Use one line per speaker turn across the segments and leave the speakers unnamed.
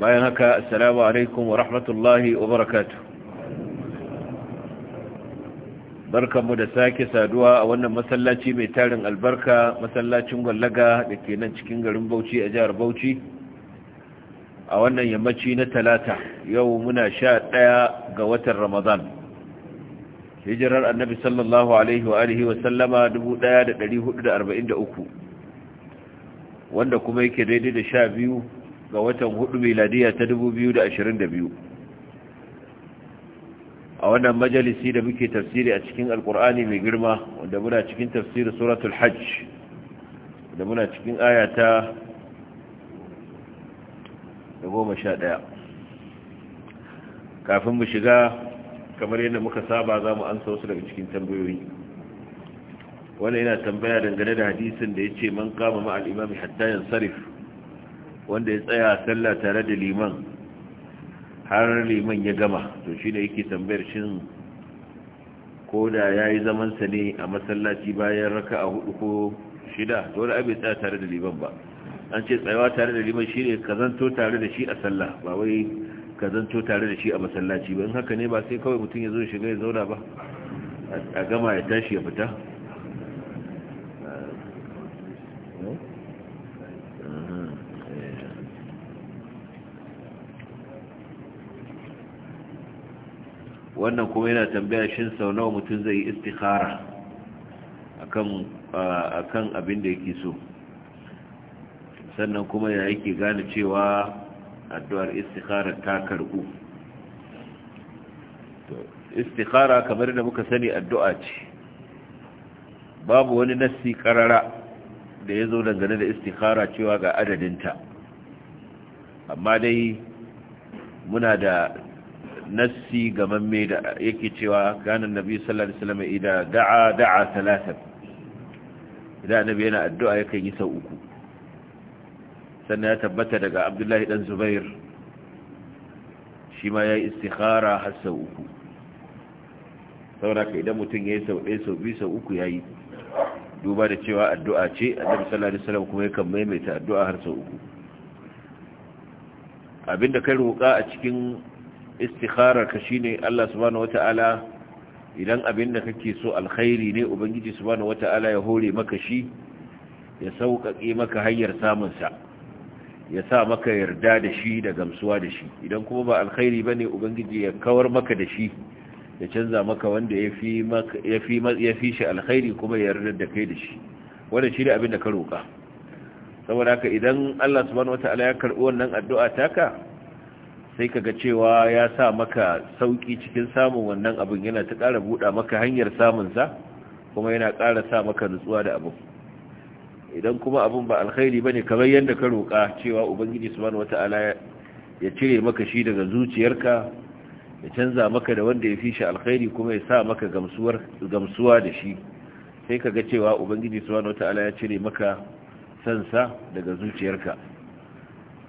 bayan haka assalamu alaikum wa rahmatullahi wa barakatuh barkanmu da sake saduwa a wannan masallaci mai tarin albarka masallacin gwallaga da ke nan cikin garin bauchi a jihar bauchi a wannan yammaci na talata yau muna sha ɗaya ga watan ramadan hijirar annabi sallallahu alaihi wa alihi wa sallama 1443 wanda kuma yake daidai da sha biyu ga watan hudu miladiya ta 2022 a wannan majalisi da muke tafsiri a cikin alkur'ani mai girma wanda muna cikin tafsiri suratul hajj da muna cikin aya ta 11 kafin mu shiga kamar yadda muka saba za mu ansa wasu daga cikin tambayoyi wani yana tambaya dangane da hadisin da ya ce man kama ma'al imami hatta yin sarif wanda ya tsaya sallah tare da liman har liman ya gama to shi ne yake tambayar shin ko da ya yi zamansa ne a masallaci bayan raka a hudu ko shida to dole abin tsaya tare da liman ba an ce tsayawa tare da liman shi ne ka tare da shi a sallah ba wai ka tare da shi a masallaci ba in haka ne ba sai kawai mutum ya zo shiga ya zauna ba a gama ya tashi ya fita wannan kuma yana tambaya shin sau nawa mutum zai yi istikhara akan abin da yake so sannan kuma ya yake gane cewa addu'ar istikhara ta karbu istikhara kamar da muka sani addu'a ce babu wani nassi karara da ya zo dangane da istikhara cewa ga adadinta amma dai muna da nassi Mamme da yake cewa ganin nabi sallallahu alaihi wasallam idan da'a da'a talatan idan nabi yana addu'a yakan yi sau uku sannan ya tabbata daga abdullahi dan zubair shi ma ya yi istikhara har sau uku saboda idan mutum ya yi sau ɗaya sau biyu sau uku ya yi duba da cewa addu'a ce annabi sallallahu alaihi wasallam kuma yakan maimaita addu'a har sau uku abinda kai roƙa a cikin istikharar ka shine Allah subhanahu wata'ala idan abin da kake so alkhairi ne ubangiji subhanahu wata'ala ya hore maka shi ya sauƙaƙe maka hanyar samun sa ya sa maka yarda da shi da gamsuwa da shi idan kuma ba alkhairi bane ubangiji ya kawar maka da shi ya canza maka wanda yafi maka yafi yafi shi alkhairi kuma ya yarda da kai da shi wannan shi ne abin da ka roka saboda haka idan Allah subhanahu wata'ala ya karbi wannan addu'a taka sai kaga cewa ya sa maka sauki cikin samun wannan abin yana ta ƙara buɗa maka hanyar samunsa kuma yana ƙara sa maka nutsuwa da abu idan kuma abin ba alkhairi ne kamar yadda ka roƙa cewa ubangiji su wata wataala ya cire maka shi daga zuciyarka ya canza maka da wanda ya fi shi alkhairi kuma ya sa maka gamsuwa da shi sai kaga cewa ubangiji su wata wataala ya cire maka sansa daga zuciyarka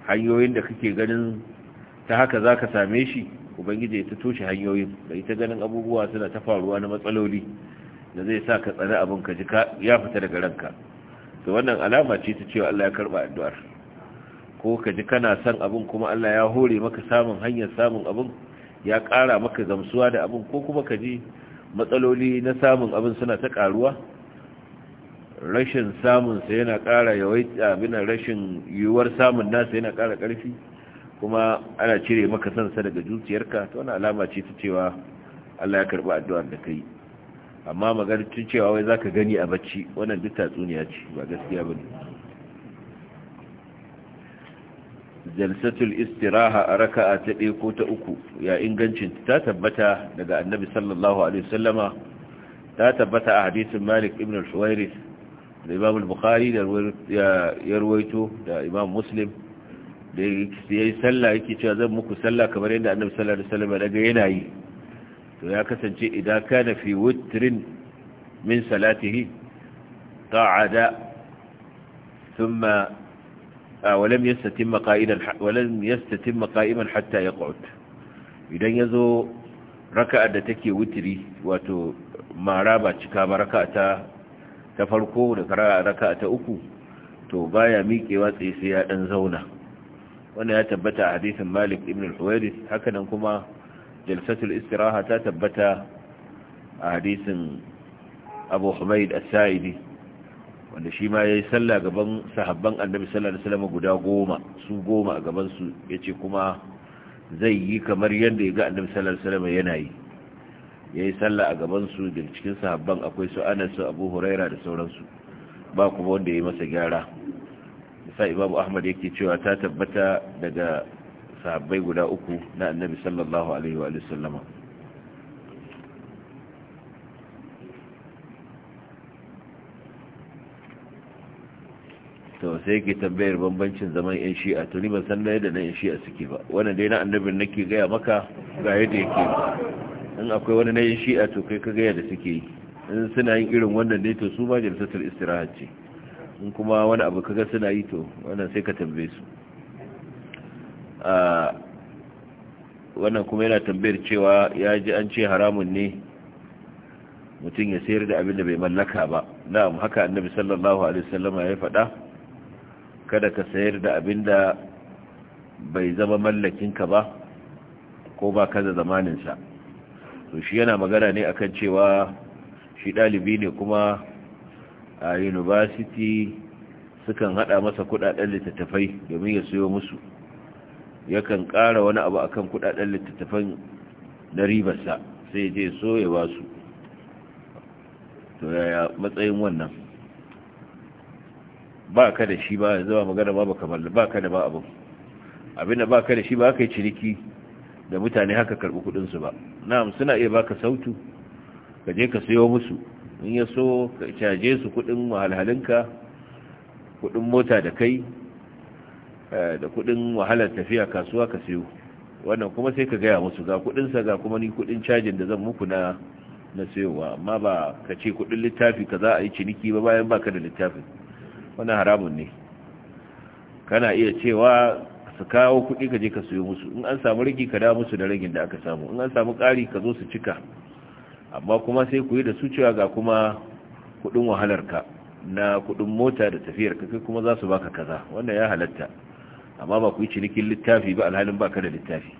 hanyoyin da kake ganin ta haka za ka same shi ubangiji ya ta toshe hanyoyin da ita ganin abubuwa suna ta faruwa na matsaloli da zai sa ka tsare abin ka ji ya fita daga ranka to wannan alama ce ta cewa Allah ya karba addu'ar ko ka ji kana son abin kuma Allah ya hore maka samun hanyar samun abin ya ƙara maka gamsuwa da abin ko kuma ka ji matsaloli na samun abin suna ta karuwa rashin samunsa yana ƙara yawaita abin rashin yiwuwar samun nasa yana kara karfi. kuma ana cire maka sansa daga zuciyarka ta wani alama ce ta cewa Allah ya karɓi addu'ar da kai amma maganar tun cewa wai zaka gani a bacci wannan duk tatsuniya ce ba gaskiya bane jalsatul istiraha a raka'a ta ɗaya ko ta uku ya ingancin ta tabbata daga annabi sallallahu alaihi wasallama ta tabbata a hadisin malik ibn al-huwairis da imam al-bukhari da ruwaito da imam muslim da ya yi sallah yake cewa zan muku sallah kamar yadda annabi sallallahu alaihi wasallam daga yana yi to ya kasance idan kana fi witrin min salatihi qa'ada thumma ولم يستتم قائما ولم يستتم قائما حتى يقعد idan yazo raka'a da take witri wato mara ba cika ba raka'a ta ta farko da raka'a ta uku to baya miƙewa tsaye sai ya dan zauna wanda ya tabbata a hadisin malik ibn al-huwairis hakanan kuma jalsatul istiraha ta tabbata a hadisin abu humaid as-sa'idi wanda shi ma yayi sallah gaban sahabban annabi sallallahu alaihi wasallam guda goma su goma a gaban su yace kuma zai yi kamar yadda ya ga annabi sallallahu alaihi wasallam yana yi yayi sallah a gaban su da cikin sahabban akwai su Anas su Abu Huraira da sauransu ba kuma wanda yayi masa gyara sa babu ahmad yake cewa ta tabbata daga sahabbai guda uku na annabi sallallahu alaihi wa sallama to sai yake tambayar bambancin zaman yan shi'a tuni ban san da yadda na yan shi'a suke ba wannan dai na annabin nake gaya maka ga yadda yake in akwai wani na yan shi'a to kai ka gaya da suke yi in suna yin irin wannan ne to su ma jalsatul istirahat ce in kuma wani abu kaga suna yi to wannan sai ka tambaye su wannan kuma yana tambayar cewa ya ji an ce haramun ne mutum ya sayar da abin da bai mallaka ba na'am haka annabi sallallahu alaihi wasallam ya faɗa kada ka sayar da abin da bai zama mallakinka ba ko ba ka da zamaninsa to shi yana magana ne akan cewa shi ɗalibi ne kuma a university sukan hada masa kudaden littattafai domin ya siyo musu yakan kara wani abu akan kudaden littattafan na ribarsa sai je so ya ba su to yaya matsayin wannan ba ka da shi ba ya zama magana ba baka mallaka ba ka da ba abin abinda ba ka da shi ba ka yi ciniki da mutane haka karbi kudinsu ba na'am suna iya baka sautu ka je ka sayo musu in ya so ka caje su kudin wahalhalinka kudin mota da kai eh, da kudin wahalar tafiya kasuwa ka siyo wannan kuma sai ka gaya musu ga kudinsa ga kuma ni kudin cajin da zan muku na na sayowa amma ba ka ce kudin littafi ka za a yi ciniki ba bayan baka da littafin wannan haramun ne kana iya cewa su kawo kudi ka je ka siyo musu in an samu rigi ka da musu da ragin da aka samu in an samu kari ka zo su cika amma kuma sai ku yi da su cewa ga kuma kudin ka na kudin mota da tafiyar ka kai kuma za su baka kaza wannan ya halatta amma ba ku yi cinikin littafi ba alhalin ba ka da littafi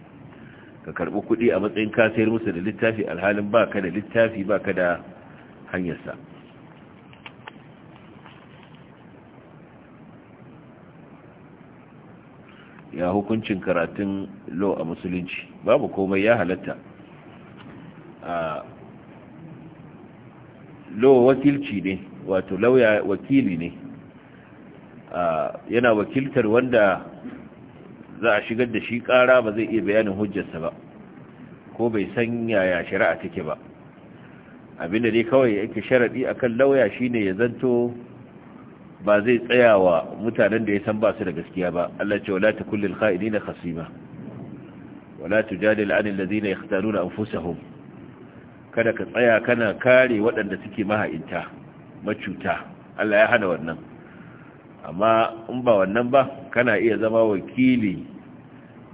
ka karbi kudi a matsayin ka sayar musu da littafi alhalin ba ka da littafi ba ka da hanyarsa ya hukuncin karatun lo a musulunci babu komai ya halatta a ah, lo wakilci ne wato lauya wakili ne yana wakiltar wanda za a shigar da shi kara ba zai iya bayanin hujjarsa ba ko bai san yaya shari'a take ba abinda dai kawai yake sharadi akan lauya shine ya zanto ba zai tsaya wa mutanen da ya san ba su da gaskiya ba Allah ce wala takullil kha'idina khasima wala tujadil 'anil ladina yahtaruna anfusahum kada ka tsaya kana kare waɗanda suke maha'inta macuta Allah ya hana wannan amma in ba wannan ba kana iya zama wakili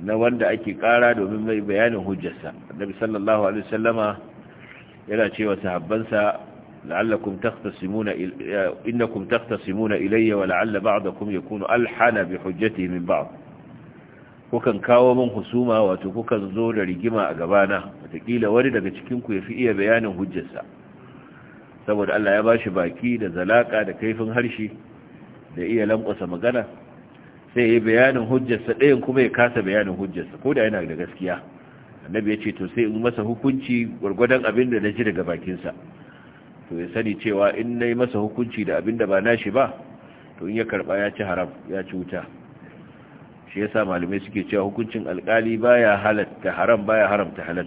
na wanda ake kara domin mai bayanin hujjarsa annabi sallallahu alaihi wasallama yana cewa sahabbansa la'allakum taqtasimuna innakum taqtasimuna ilayya wa la'alla ba'dakum yakunu alhana bi hujjatihi min ba'd kukan kawo min husuma wato kukan zo da rigima a gabana watakila wani daga cikinku ya fi iya bayanin hujjarsa saboda Allah ya bashi baki da zalaka da kaifin harshe da iya lankwasa magana sai ya bayanin hujjarsa ɗayan kuma ya kasa bayanin hujjarsa koda yana da gaskiya annabi ya ce to sai in masa hukunci gwargwadon abin da na ji daga bakinsa to ya sani cewa in na yi masa hukunci da abin da ba nashi ba to in ya karɓa ya ci haram ya ci wuta shi yasa malamai suke cewa hukuncin alkali baya halatta haram baya haramta halal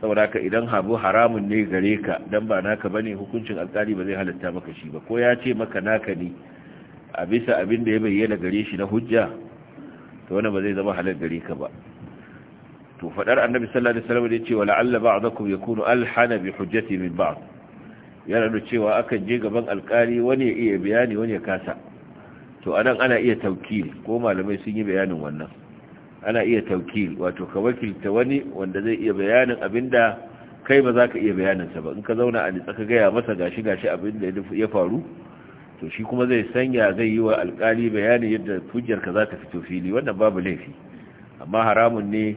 saboda haka idan habu haramun ne gare ka dan ba naka bane hukuncin alkali ba zai halatta maka shi ba ko ya ce maka naka ne a bisa abin da ya bayyana gare shi na hujja to wannan ba zai zama halal gare ka ba to fadar annabi sallallahu alaihi wasallam ya ce wa la'alla ba'dakum yakunu alhana bi hujjati min ba'd yana da cewa akan je gaban alkali wani ya iya bayani wani ya kasa to anan ana iya taukil ko malamai sun yi bayanin wannan ana iya taukil wato ka wakilta wani wanda zai iya bayanin abinda kai ba za ka iya bayaninsa ba in ka zauna a nitsa ka gaya masa gashi gashi abinda ya faru to shi kuma zai sanya zai yi wa alkali bayanin yadda hujjarka za ta fito fili wannan babu laifi amma haramun ne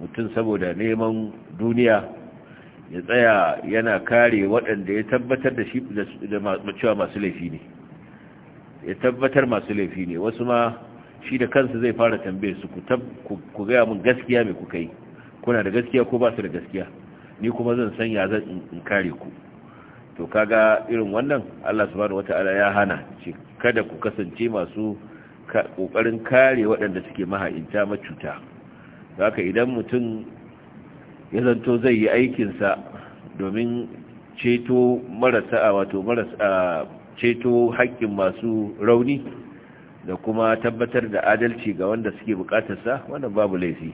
mutum saboda neman duniya ya tsaya yana kare waɗanda ya tabbatar da shi da cewa masu laifi ne ya tabbatar masu laifi ne wasu ma shi da kansu zai fara tambaye su ku gaya mun gaskiya mai kuka yi kuna da gaskiya ko ba su da gaskiya ni kuma zan sanya zan in kare ku to kaga irin wannan Allah subhanahu wata'ala ya hana ce kada ku kasance masu kokarin kare waɗanda suke maha'inta macuta haka idan mutum ya zanto zai yi aikinsa domin ceto marasa wato marasa ceto haƙƙin masu rauni da kuma tabbatar da adalci ga wanda suke bukatarsa wannan babu laifi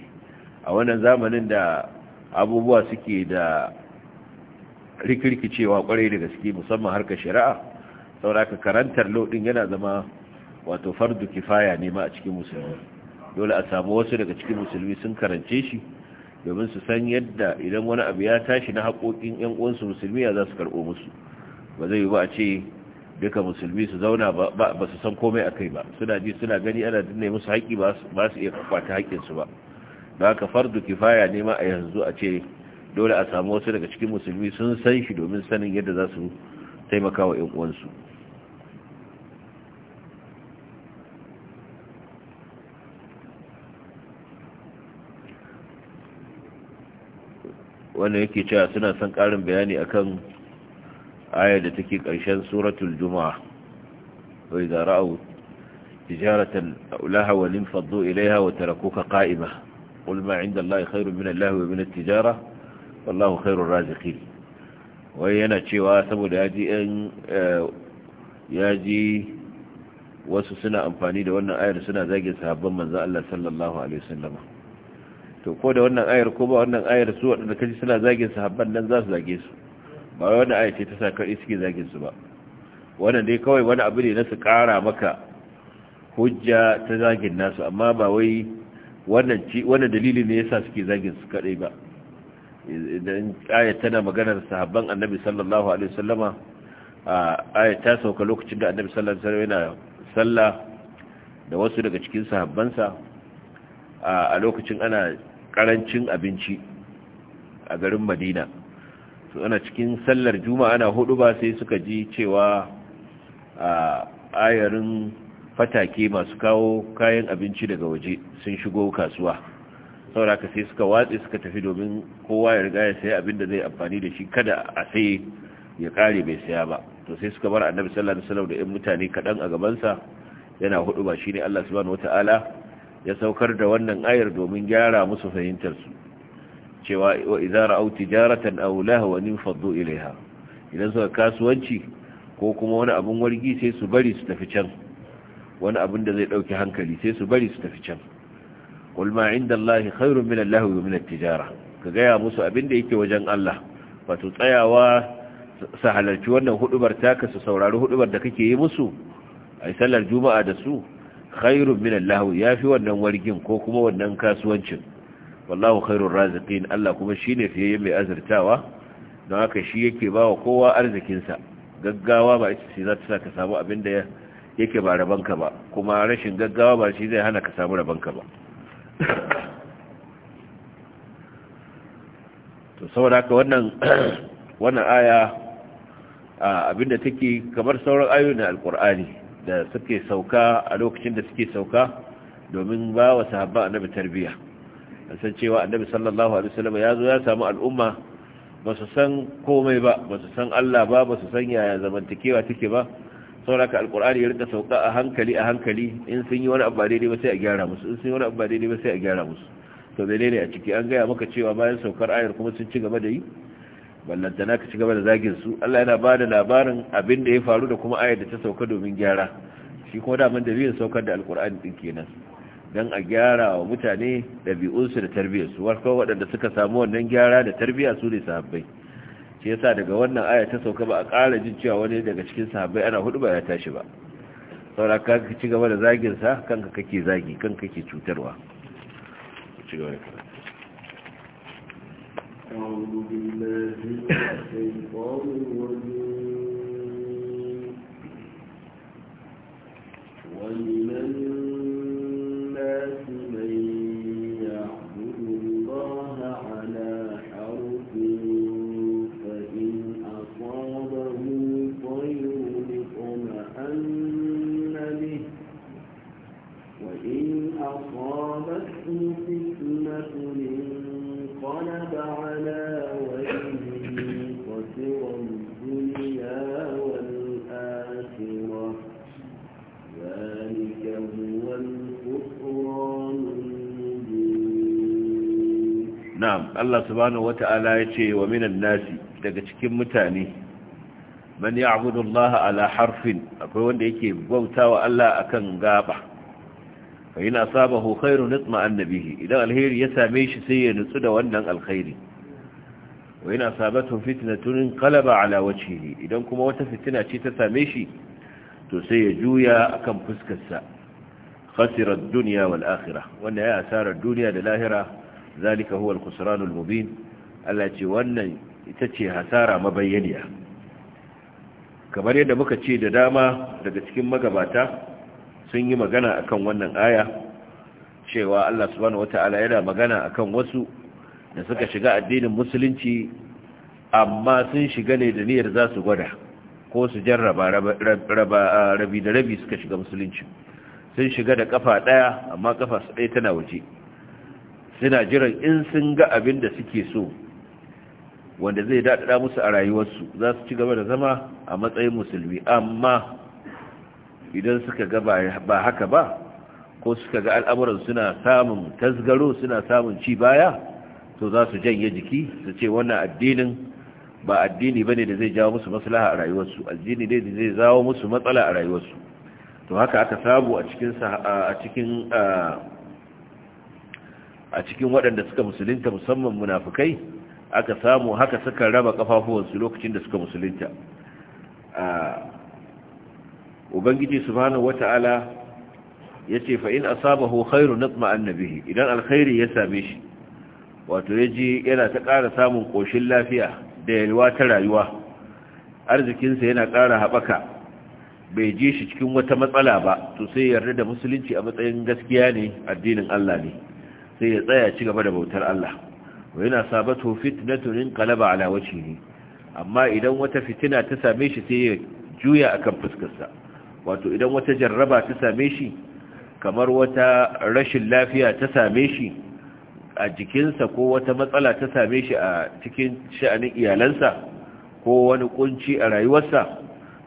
a wannan zamanin da abubuwa suke da rikirkicewa kwarai da gaske musamman harkar shari'a sauraka karantar lodin yana zama wato fardu kifaya ne ma a cikin musulmi dole a samu wasu daga cikin musulmi sun karance shi domin su san yadda idan wani abu ya tashi na haƙoƙin 'yan uwansu musulmi ya za su karɓo musu ba zai yi ba a ce duka musulmi su zauna ba su san komai a kai ba suna ji suna gani ana dinne musu haƙƙi ba su iya kwata haƙƙinsu ba da haka fardu kifaya ne ma a yanzu a ce dole a samu wasu daga cikin musulmi sun san shi domin sanin yadda za su taimaka wa uwansu wanda yake cewa suna son ƙarin bayani akan ayar da take ƙarshen suratul juma'a wai da ra'au laha wa lin faddu ilaiha wa tarakuka qa'ima qul ma 'inda Allahi khairun min Allah wa min at-tijara wallahu khairur yana cewa saboda wasu suna amfani da wannan ayar suna zagin sahabban manzo Allah sallallahu alaihi wasallam to ko da wannan ayar ko ba wannan ayar su waɗanda kaji suna zagin sahabban nan za su zage su ba wani aya ce ta sa kai suke zagin su ba wannan dai kawai wani abu ne na su kara maka hujja ta zagin nasu amma ba wai wannan ci wannan dalili ne yasa suke zagin su kadai ba idan ayat tana maganar sahabban annabi sallallahu alaihi wasallama ayat ta sauka lokacin da annabi sallallahu alaihi wasallam yana sallah da wasu daga cikin sahabbansa a lokacin ana karancin abinci a garin madina su ana cikin sallar juma'a ana hudu ba sai suka ji cewa a ayarin fatake masu kawo kayan abinci daga waje sun shigo kasuwa sauraka sai suka watsi suka tafi domin kowa ya riga ya saya abin da zai amfani da shi kada a sai ya kare bai saya ba to sai suka bar annabi sallallahu alaihi wasallam da ɗan mutane kaɗan a gabansa yana hudu ba shine Allah subhanahu wataala ya saukar da wannan ayar domin gyara musu fahimtar su cewa wa idza ra'aw tijaratan aw lahwan infaddu ilaiha idan suka kasuwanci ko kuma wani abun wargi sai su bari su tafi can wani abun da zai dauki hankali sai su bari su tafi can qul ma inda allahi khairun min allahwi wa min at-tijara ka gaya musu abin da yake wajen Allah wato tsayawa su halarci wannan hudubar taka su saurari hudubar da kake yi musu ai sallar juma'a da su khairun min allahwi yafi wannan wargin ko kuma wannan kasuwancin wallahu khairur raziqin Allah kuma shine fiye mai azurtawa don haka shi yake bawa kowa arzikinsa gaggawa ba ita ce za ta saka samu abin da yake ba rabanka ba kuma rashin gaggawa ba shi zai hana ka samu rabanka ba to saboda haka wannan wannan aya abinda take kamar sauran ayoyin alkur'ani da suke sauka a lokacin da suke sauka domin ba wa sahabba annabi tarbiyya a san cewa annabi sallallahu alaihi wasallam ya zo ya samu al'umma ba su san komai ba ba su san Allah ba ba su san yaya zamantakewa take ba sauraka alkur'ani ya rika sauka a hankali a hankali in sun yi wani abu daidai ba sai a gyara musu in sun yi wani abu daidai ba sai a gyara musu to menene a ciki an gaya maka cewa bayan saukar ayar kuma sun ci gaba da yi ballantana ka ci gaba da zagin su Allah yana bada labarin abin da ya faru da kuma ayar da ta sauka domin gyara shi kuma daman dalilin saukar da alkur'ani din kenan don a gyara wa mutane ɗabi'unsu da tarbiyyarsu warkar waɗanda suka samu wannan gyara da tarbiyya su ne sahabbai shi yasa daga wannan aya ta sauka ba a ƙara jin cewa wani daga cikin sahabbai ana hudu ba ya tashi ba saura ka ci gaba da zagin sa kanka kake zagi kanka kake cutarwa ci gaba da karatu أعوذ بالله من الشيطان الرجيم Allah subhanahu wata'ala ya ce wa minan nasi daga cikin mutane man ya'budu Allah ala harfin akwai wanda yake wa Allah akan gaba fa in asabahu khairun nitma'anna annabihi, idan alheri ya same shi sai ya nutsu da wannan alkhairi wa in asabatu fitnatun qalaba ala wajhihi idan kuma wata fitina ce ta same shi to sai ya juya akan fuskarsa sa khasira ad-dunya wal akhirah wanda ya asara ad-dunya da lahira zalika huwa al mubin Allah ce wannan ita ce hasara mabayyaniya kamar yadda muka ce da dama daga cikin magabata sun yi magana akan wannan aya cewa Allah subhanahu wataala yana magana akan wasu da suka shiga addinin musulunci amma sun shiga ne da niyyar za su gwada ko su jarraba rabi da rabi suka shiga musulunci sun shiga da kafa daya amma kafa su ɗaya tana waje suna jiran in sun ga abin da suke so wanda zai daɗaɗa musu a rayuwarsu za su ci gaba da zama a matsayin musulmi amma idan suka ga ba haka ba ko suka ga al'amuran suna samun tasgaro suna samun ci baya to za su janye jiki su ce wannan addinin ba addini bane da zai jawo musu maslaha a rayuwarsu addini ne da zai jawo musu matsala a rayuwarsu to haka aka samu a cikin a cikin a cikin waɗanda suka musulunta musamman munafukai aka samu haka suka raba ƙafafuwansu lokacin da suka musulunta ubangiji subhanahu wata'ala yace fa in asabahu khairu natma annabi, idan alkhairi ya same shi wato yaji yana ta ƙara samun ƙoshin lafiya da yalwa ta rayuwa arzikinsa yana ƙara haɓaka bai ji shi cikin wata matsala ba to sai yarda da musulunci a matsayin gaskiya ne addinin Allah ne sai ya tsaya ci gaba da bautar Allah wa yana sabato fitnatun inqalaba ala wajhihi amma idan wata fitina ta same shi sai ya juya akan fuskarsa wato idan wata jarraba ta same shi kamar wata rashin lafiya ta same shi a jikinsa ko wata matsala ta same shi a cikin sha'anin iyalansa ko wani kunci a rayuwarsa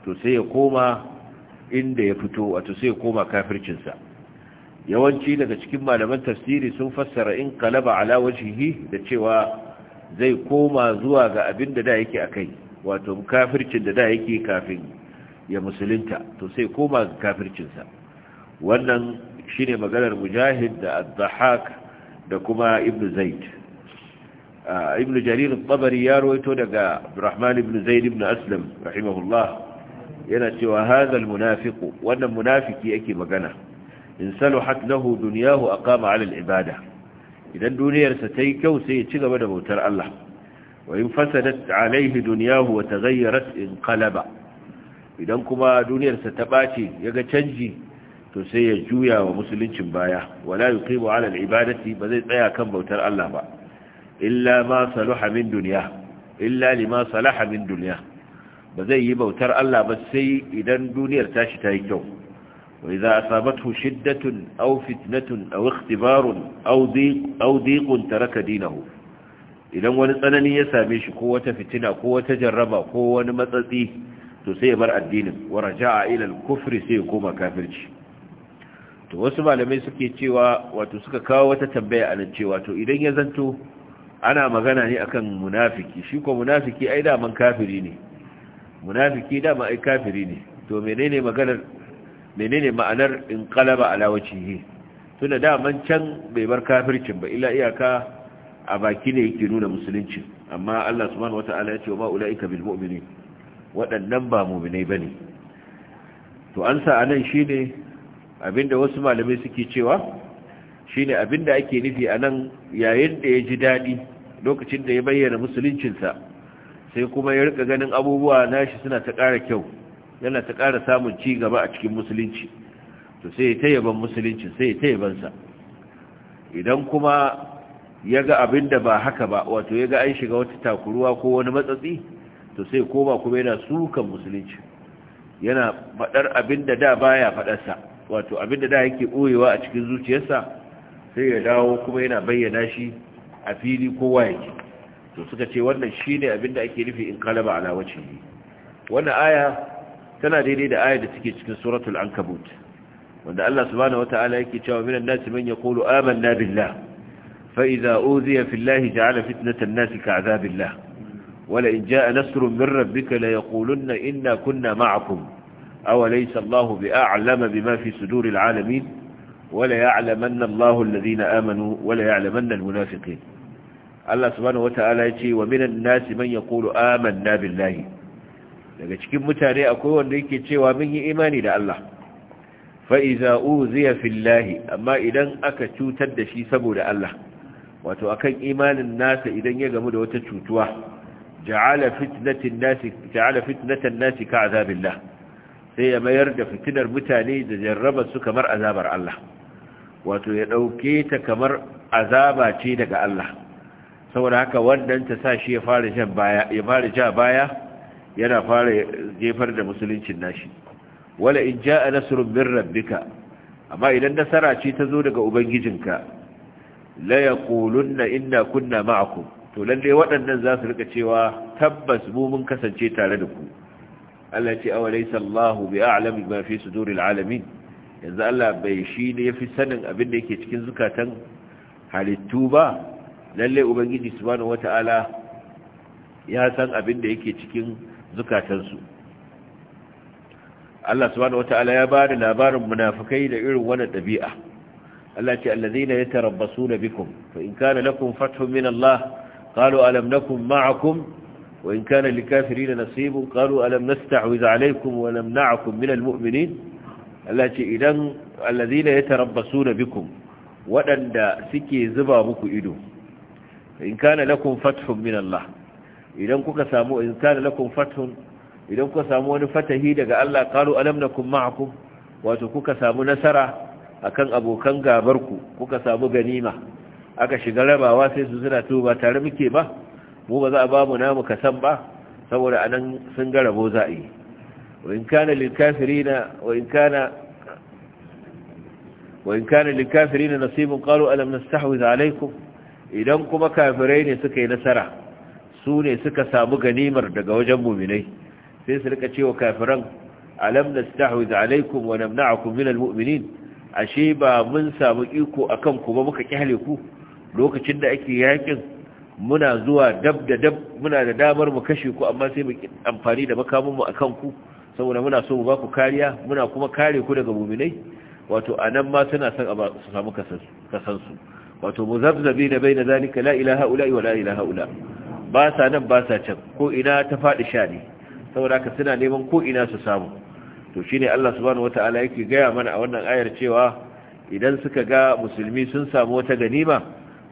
to sai ya koma inda ya fito wato sai ya koma kafircinsa yawanci daga cikin malaman tafsiri sun fassara in kalaba ala wajhihi da cewa zai koma zuwa ga abin da da yake akai wato kafircin da da yake kafin ya musulunta to sai koma ga kafircinsa wannan shine maganar mujahid da ad-dhahak da kuma ibnu zaid ibnu jarir at-tabari ya rawaito daga abdurrahman ibnu zaid ibnu aslam rahimahullah yana cewa hadha al-munafiq wannan munafiki yake magana in saluhat lahu dunyahu aqama ala al-ibada idan duniyarsa ta yi kyau sai ya ci gaba da bautar Allah wa in fasadat alayhi dunyahu wa taghayyarat in qalaba idan kuma duniyarsa ta bace yaga canji to sai ya juya wa musuluncin baya wala yuqimu ala al-ibadati ba zai tsaya kan bautar Allah ba illa ma salaha min dunya illa lima salaha min dunya ba zai yi bautar Allah ba sai idan duniyar tashi ta yi kyau وإذا أصابته شدة أو فتنة أو اختبار أو ضيق, أو ضيق ترك دينه idan wani tsanani ya same shi ko wata fitina ko wata jarraba ko wani matsatsi to sai ya bar addinin wa raja'a ila al-kufri sai ya koma kafirci to wasu malamai suke cewa wato suka kawo wata tambaya anan cewa to idan ya zanto ana magana ne akan munafiki shi ko munafiki ai da man kafiri ne munafiki da ma ai kafiri ne to menene maganar menene ma'anar in qalaba ala wajhihi tunda daman can bai bar kafircin ba illa iyaka a baki ne yake nuna musulunci amma Allah subhanahu wata'ala ya ce wa ulaika bil mu'minin waɗannan ba mu'minai bane to an sa anan shine abinda wasu malamai suke cewa shine abinda ake nufi anan yayin da ya ji daɗi lokacin da ya bayyana musuluncinsa sai kuma ya rika ganin abubuwa nashi suna ta ƙara kyau yana ta ƙara samun ci gaba a cikin musulunci to sai ya tayyaban musulunci sai ya tayyabansa idan kuma ya ga abin da ba haka ba wato ya ga an shiga wata takuruwa ko wani matsatsi to sai koma kuma yana sukan musulunci yana faɗar abin da da baya faɗarsa wato abin da da yake ɓoyewa a cikin zuciyarsa sai ya dawo kuma yana bayyana shi a fili kowa yake to suka ce wannan shine abin da ake nufi in kalaba ala ne wannan aya tana daidai da ayar da take cikin suratul ankabut wanda Allah subhanahu wataala yake cewa minan nasi man yaqulu amanna billah fa idza uziya fillahi ja'ala fitnatan nasi ka'azabillah wala in ja'a nasrun min rabbika la yaqulunna inna kunna ma'akum aw laysa Allahu bi'a'lama bima fi suduril alamin wala ya'lamanna Allahu alladhina amanu wala ya'lamanna almunafiqin Allah subhanahu wataala yace wa minan nasi man yaqulu amanna billahi daga cikin mutane akwai wanda yake cewa mun yi imani da Allah fa'iza uziya fillahi amma idan aka cutar da shi saboda Allah wato akan imanin nasa idan ya gamu da wata cutuwa ja'ala fitnatin nasi ja'ala fitnatan nasi sai ya mayar da fitinar mutane da jarraba su kamar azabar Allah wato ya dauke ta kamar azaba ce daga Allah saboda haka wannan ta sa shi ya fara jan baya ya fara ja baya yana fara jefar da musuluncin nashi wala in ja'a nasrun min rabbika amma idan nasara ce ta zo daga ubangijinka la yaqulunna inna kunna ma'akum to lalle waɗannan za su rika cewa tabbas mu mun kasance tare da ku Allah ce awalaysa Allahu bi'alami ma fi suduril alamin yanzu Allah bai shi ne yafi sanin abin da yake cikin zukatan halittu ba lalle ubangiji subhanahu wataala ya san abin da yake cikin zukatansu Allah subhanahu wata'ala ya ba da labarin munafukai da irin wannan ɗabi'a Allah ce allazina yatarabbasuna bikum fa in kana lakum fathun min Allah qalu alam nakum ma'akum wa in kana likafirin nasibun qalu alam nasta'wiz alaykum wa namna'akum min almu'minin Allah ce idan allazina yatarabbasuna bikum waɗanda suke zuba muku ido in kana lakum fathun min Allah idan kuka samu in kana lakum fathun idan kuka samu wani fatahi daga Allah qalu alam nakum ma'akum wato kuka samu nasara akan abokan gabarku kuka samu ganima aka shiga rabawa sai su suna to ba tare muke ba mu ba za a bamu namu kasan ba saboda anan sun ga rabo za a yi wa in kana lil kafirina wa in kana wa in kana lil kafirina nasibun qalu alam nastahwiz alaykum idan kuma kafirai ne suka yi nasara su ne suka samu ganimar daga wajen muminai sai su rika cewa kafiran alam nastahwiz alaikum wa namna'akum minal mu'minin ashe ba mun samu iko akan ku ba muka kyale ku lokacin da ake yakin muna zuwa dab da dab muna da damar mu kashe ku amma sai mu amfani da makamin mu akan ku saboda muna so mu ba ku kariya muna kuma kare ku daga muminai wato anan ma suna son su samu kasansu wato muzabzabi na bai na zalika la ilaha wa la ilaha ba sa nan ba sa can ko ina ta faɗi sha ne saboda ka suna neman ko ina su samu to shine Allah subhanahu wataala yake gaya mana a wannan ayar cewa idan suka ga musulmi sun samu wata ganima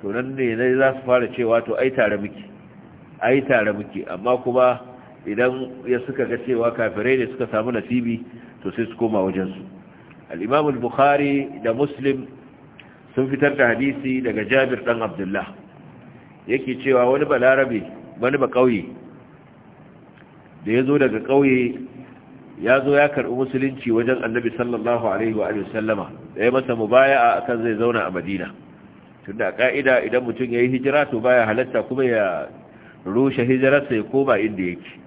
to nan ne za su fara cewa to ai tare muke ai tare muke amma kuma idan ya suka ga cewa kafirai ne suka samu nasibi to sai su koma wajensu al-imam al-bukhari da muslim sun fitar da hadisi daga jabir dan abdullah yake cewa wani balarabe wani ba kauye da ya zo daga kauye ya zo ya karɓi musulunci wajen annabi sallallahu alaihi wa sallama da ya masa mubaya'a akan zai zauna a madina tunda a ƙa'ida idan mutum ya yi hijira to baya halatta kuma ya rushe hijirarsa ya koma inda yake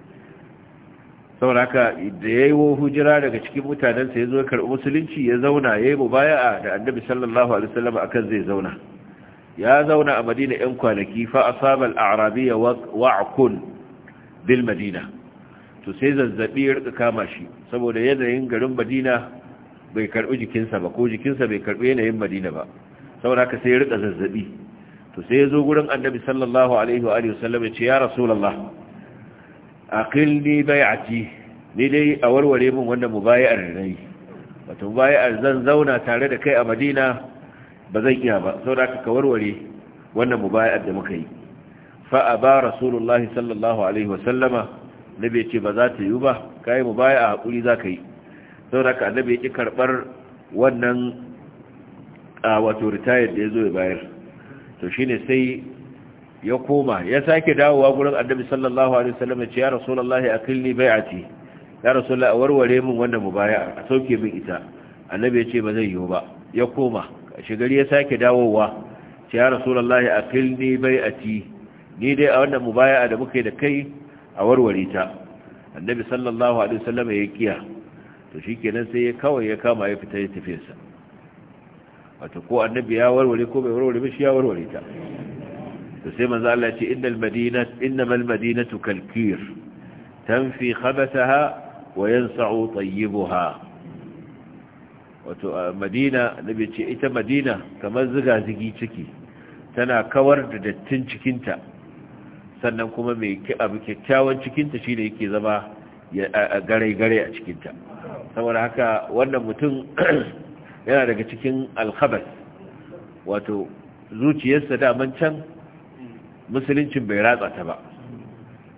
saboda haka da ya yi hujira daga cikin mutanensa ya zo ya karɓi musulunci ya zauna ya yi mubaya'a da annabi sallallahu alaihi wa sallama akan zai zauna ya zauna a madina yan kwanaki fa asaba al-arabiya wa'akun bil madina to sai zazzabi ya rika kama shi saboda yanayin garin madina bai karbi jikinsa ba ko jikinsa bai karbi yanayin madina ba saboda haka sai ya rika zazzabi to sai ya zo gurin annabi sallallahu alaihi wa sallam ya ce ya rasulullah aqilni bai'ati ni dai a warware min wannan mubayi'ar da nayi wato mubayi'ar zan zauna tare da kai a madina ba zan iya ba Sau saboda ka warware wannan mubayar da muka yi fa ba rasulullah sallallahu alaihi wa sallama bai ce ba za ta yi ba Ka kai mubayar hakuri za ka yi Sau saboda ka annabi yake karbar wannan wato retire da ya zo ya bayar to shine sai ya koma ya sake dawowa gurin annabi sallallahu alaihi wa sallama ce ya rasulullah akilni bai'ati ya rasulullah warware min wannan mubayar a sauke min ita annabi ya ce ba zai yi ba ya koma shi gari ya sake dawowa ce ya rasulallah rasulullahi a bai'ati ni dai a wannan mubaya'a da muke da kai a warware ta annabi sallallahu alaihi wasallam ya kiya to shikenan sai ya kawai ya kama ya fita ya tafi sa wato ko annabi ya warware ko bai warware ba shi ya warware ta to sai manzo Allah ya ce innal madinat innamal madinatu kalkir tanfi khabathaha wa yansa'u tayyibaha wato a madina bai ce ita madina kamar ziga-zigi ciki tana kawar da dattin cikinta sannan kuma mai abu kyakkyawan cikinta shi ne yake zama gare-gare a cikinta saboda haka wannan mutum yana daga cikin alkhabas wato zuciyarsa daman can musuluncin bai ratsa ta ba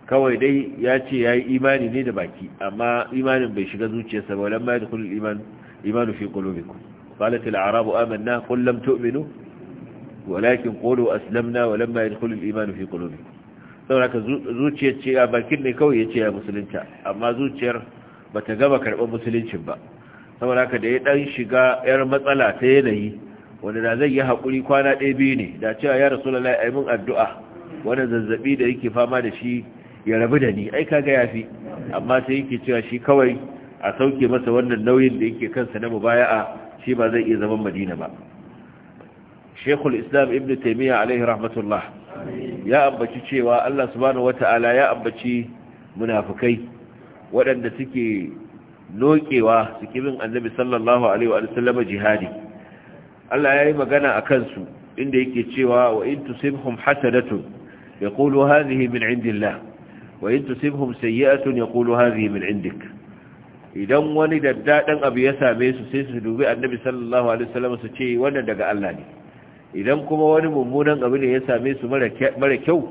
kawai dai ya ce ya yi imani ne da baki amma imanin bai shiga zuciyarsa ba wadanda ya da iman imanu fi qulubikum qalat al-a'rabu amanna qul lam walakin qulu aslamna wa lamma yadkhulu al-iman fi qulubikum saboda zuciyar ce bakin ne kawai yace ya musulunta amma zuciyar bata gama karban musuluncin ba saboda haka da ya dan shiga yar matsala ta yanayi wanda zai yi hakuri kwana ɗaya biyu ne da cewa ya rasu lalai aimin addu'a wani zazzabi da yake fama da shi ya rabu da ni ai kaga ya fi amma sai yake cewa shi kawai a sauke masa wannan nauyin da yake kansa na mubaya'a shi ba zai iya zaman madina ba shekul islam ibn taimiyya alaihi rahmatullah ya ambaci cewa allah subhanahu wata'ala ya ambaci munafukai waɗanda suke nokewa suke bin annabi sallallahu alaihi wa sallama jihadi allah ya yi magana a kansu inda yake cewa wa in tusibhum hasanatun yaqulu hadhihi min indillah wa in tusibhum sayyi'atun yaqulu hadhihi min indik idan wani da daɗin abu ya same su sai su dubi annabi sallallahu alaihi wasallam su ce wannan daga Allah ne idan kuma wani mummunan abu ne ya same su mara kyau